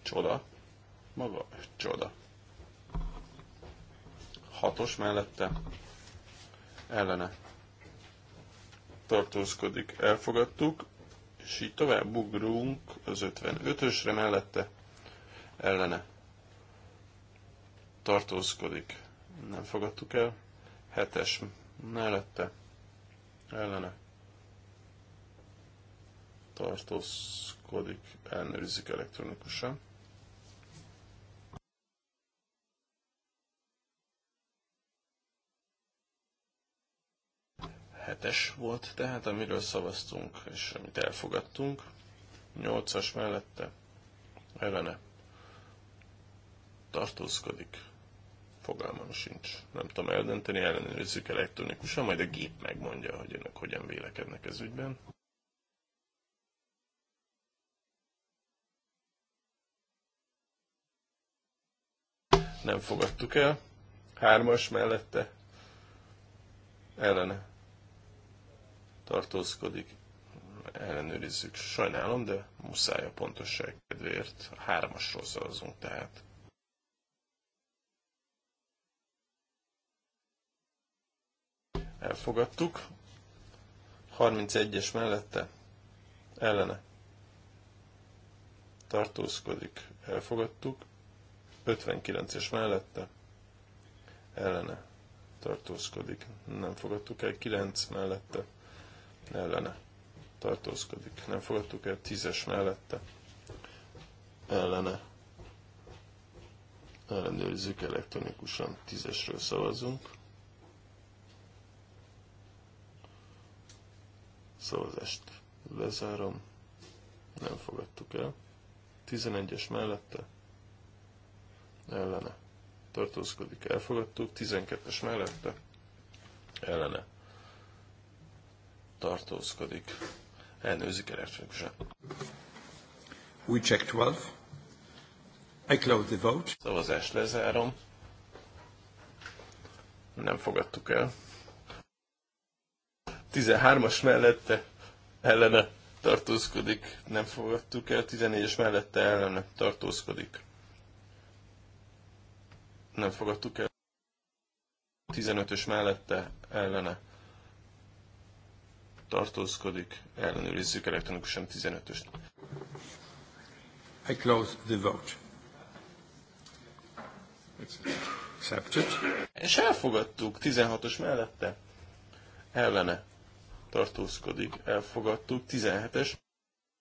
Csoda maga csoda. Hatos mellette ellene tartózkodik, elfogadtuk, és így tovább ugrunk az 55-ösre mellette ellene tartózkodik, nem fogadtuk el, 7-es mellette ellene tartózkodik, elnőrizik elektronikusan. hetes volt tehát, amiről szavaztunk, és amit elfogadtunk. Nyolcas mellette ellene tartózkodik. Fogalmam sincs. Nem tudom eldönteni, ellenőrizzük elektronikusan, majd a gép megmondja, hogy önök hogyan vélekednek ez ügyben. Nem fogadtuk el. Hármas mellette ellene tartózkodik, ellenőrizzük. Sajnálom, de muszáj a pontosság kedvéért. A hármasról szavazunk tehát. Elfogadtuk. 31-es mellette ellene tartózkodik. Elfogadtuk. 59-es mellette ellene tartózkodik. Nem fogadtuk el. 9 mellette ellene tartózkodik. Nem fogadtuk el tízes mellette ellene ellenőrizzük elektronikusan, tízesről szavazunk. Szavazást lezárom, nem fogadtuk el. 11-es mellette ellene tartózkodik, elfogadtuk. 12-es mellette ellene tartózkodik. Elnőzik elektronikusan. We check 12. I close the vote. Szavazás lezárom. Nem fogadtuk el. 13-as mellette ellene tartózkodik, nem fogadtuk el, 14-es mellette ellene tartózkodik. Nem fogadtuk el. 15-ös mellette ellene tartózkodik, ellenőrizzük elektronikusan 15-öst. I close the vote. Accepted. És elfogadtuk 16-os mellette. Ellene tartózkodik, elfogadtuk 17-es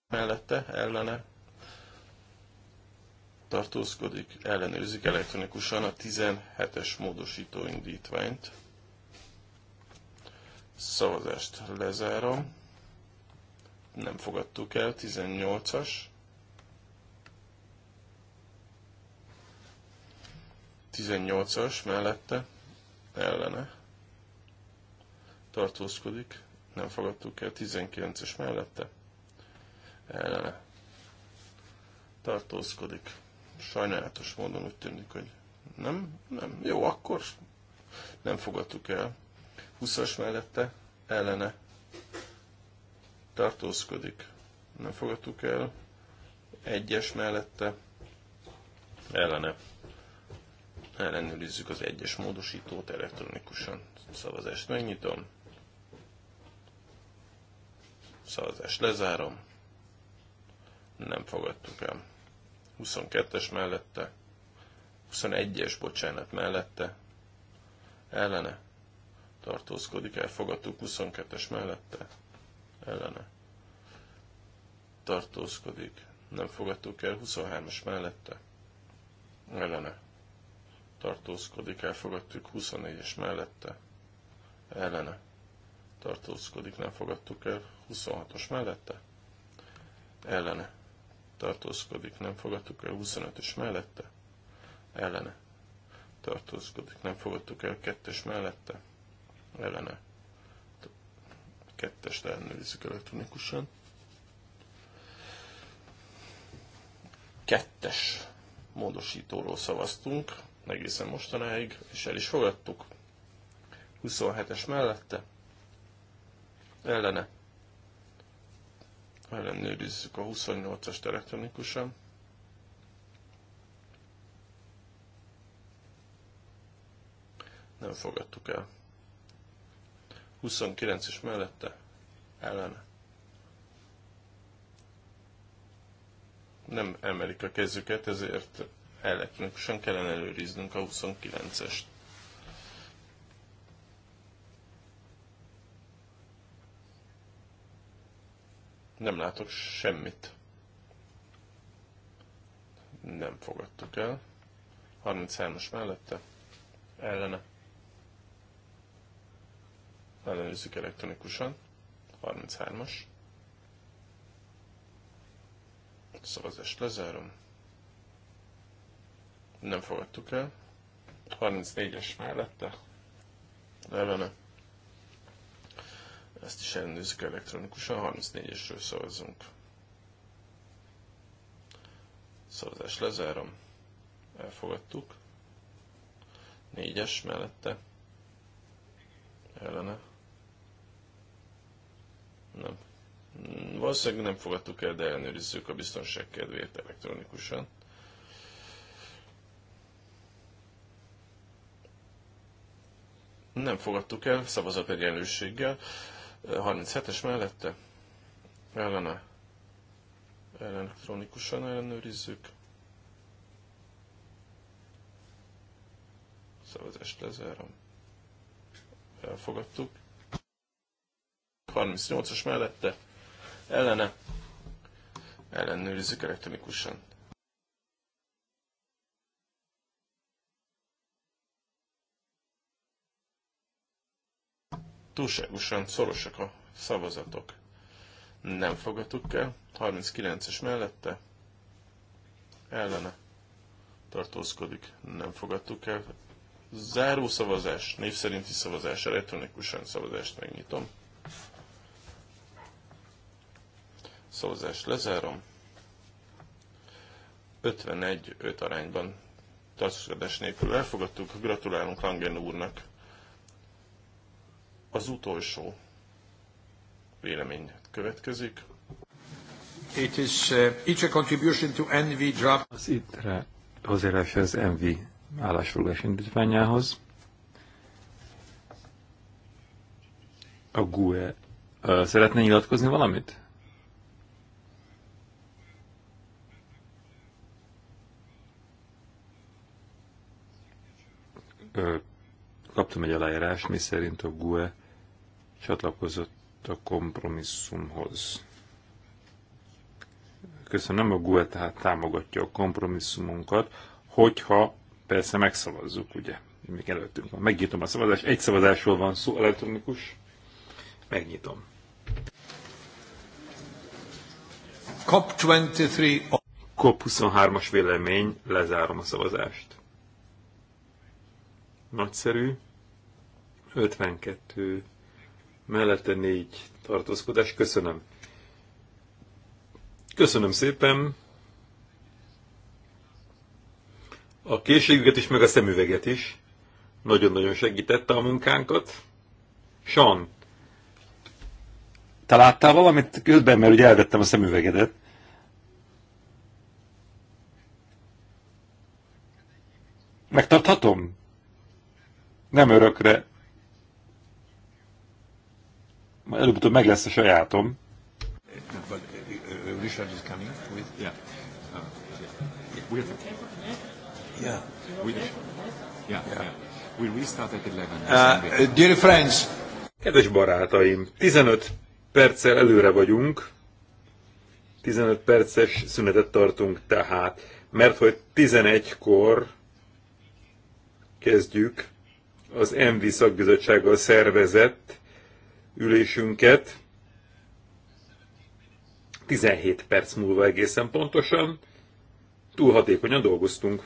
mellette, ellene tartózkodik, ellenőrzik elektronikusan a 17-es módosító indítványt. Szavazást lezárom. Nem fogadtuk el. 18-as. Tizennyolcas mellette, ellene tartózkodik, nem fogadtuk el 19-es mellette, ellene tartózkodik. Sajnálatos módon úgy tűnik, hogy nem, nem, jó, akkor nem fogadtuk el 20-as mellette ellene tartózkodik. Nem fogadtuk el. Egyes mellette ellene. Ellenőrizzük az egyes módosítót elektronikusan. Szavazást megnyitom. Szavazást lezárom. Nem fogadtuk el. 22-es mellette. 21-es, bocsánat, mellette. Ellene tartózkodik, elfogadtuk 22-es mellette, ellene tartózkodik, nem fogadtuk el 23-as mellette, ellene tartózkodik, elfogadtuk 24-es mellette, ellene tartózkodik, nem fogadtuk el 26-os mellette, ellene tartózkodik, nem fogadtuk el 25-ös mellette, ellene tartózkodik, nem fogadtuk el 2-es mellette, ellene. Kettest ellenőrizzük elektronikusan. Kettes módosítóról szavaztunk egészen mostanáig, és el is fogadtuk. 27-es mellette, ellene. Ellenőrizzük a 28-ast elektronikusan. nem fogadtuk el. 29 is mellette ellene. Nem emelik a kezüket, ezért elektronikusan kellene előriznünk a 29-est. Nem látok semmit. Nem fogadtuk el. 33-as mellette. Ellene ellenőrizzük elektronikusan. 33-as. Szavazást lezárom. Nem fogadtuk el. 34-es mellette. Ellene. Ezt is ellenőrizzük elektronikusan. 34-esről szavazzunk. Szavazást lezárom. Elfogadtuk. 4-es mellette. Ellene nem. Valószínűleg nem fogadtuk el, de ellenőrizzük a biztonság kedvéért elektronikusan. Nem fogadtuk el, szavazat egyenlőséggel. 37-es mellette ellene elektronikusan ellenőrizzük. Szavazást lezárom. Elfogadtuk. 38-as mellette ellene ellenőrizzük elektronikusan. Túlságosan szorosak a szavazatok. Nem fogadtuk el. 39-es mellette ellene tartózkodik. Nem fogadtuk el. Záró szavazás, név szerinti szavazás, elektronikusan szavazást megnyitom. Szavazást lezárom. 51-5 arányban tartózkodás nélkül elfogadtuk. Gratulálunk Langen úrnak. Az utolsó vélemény következik. It is uh, each a contribution to NV drop. Az ITRE hozzájárulás az NV állásfoglalás indítványához. A GUE uh, szeretne nyilatkozni valamit? ö, kaptam egy aláírás, mi szerint a GUE csatlakozott a kompromisszumhoz. Köszönöm, a GUE tehát támogatja a kompromisszumunkat, hogyha persze megszavazzuk, ugye, még előttünk van. Megnyitom a szavazást, egy szavazásról van szó, elektronikus, megnyitom. COP23. 23 vélemény, lezárom a szavazást. Nagyszerű. 52 mellette négy tartózkodás. Köszönöm. Köszönöm szépen. A készségüket is, meg a szemüveget is. Nagyon-nagyon segítette a munkánkat. Sean, te láttál valamit közben, mert ugye elvettem a szemüvegedet. Megtarthatom? nem örökre. Előbb-utóbb meg lesz a sajátom. Uh, uh, Richard is coming with, yeah. Uh, yeah. We're, yeah. We, yeah, yeah. Yeah. Uh, uh friends. Kedves barátaim, 15 perccel előre vagyunk. 15 perces szünetet tartunk tehát, mert hogy 11-kor kezdjük az MV szakbizottsággal szervezett ülésünket 17 perc múlva egészen pontosan. Túl hatékonyan dolgoztunk.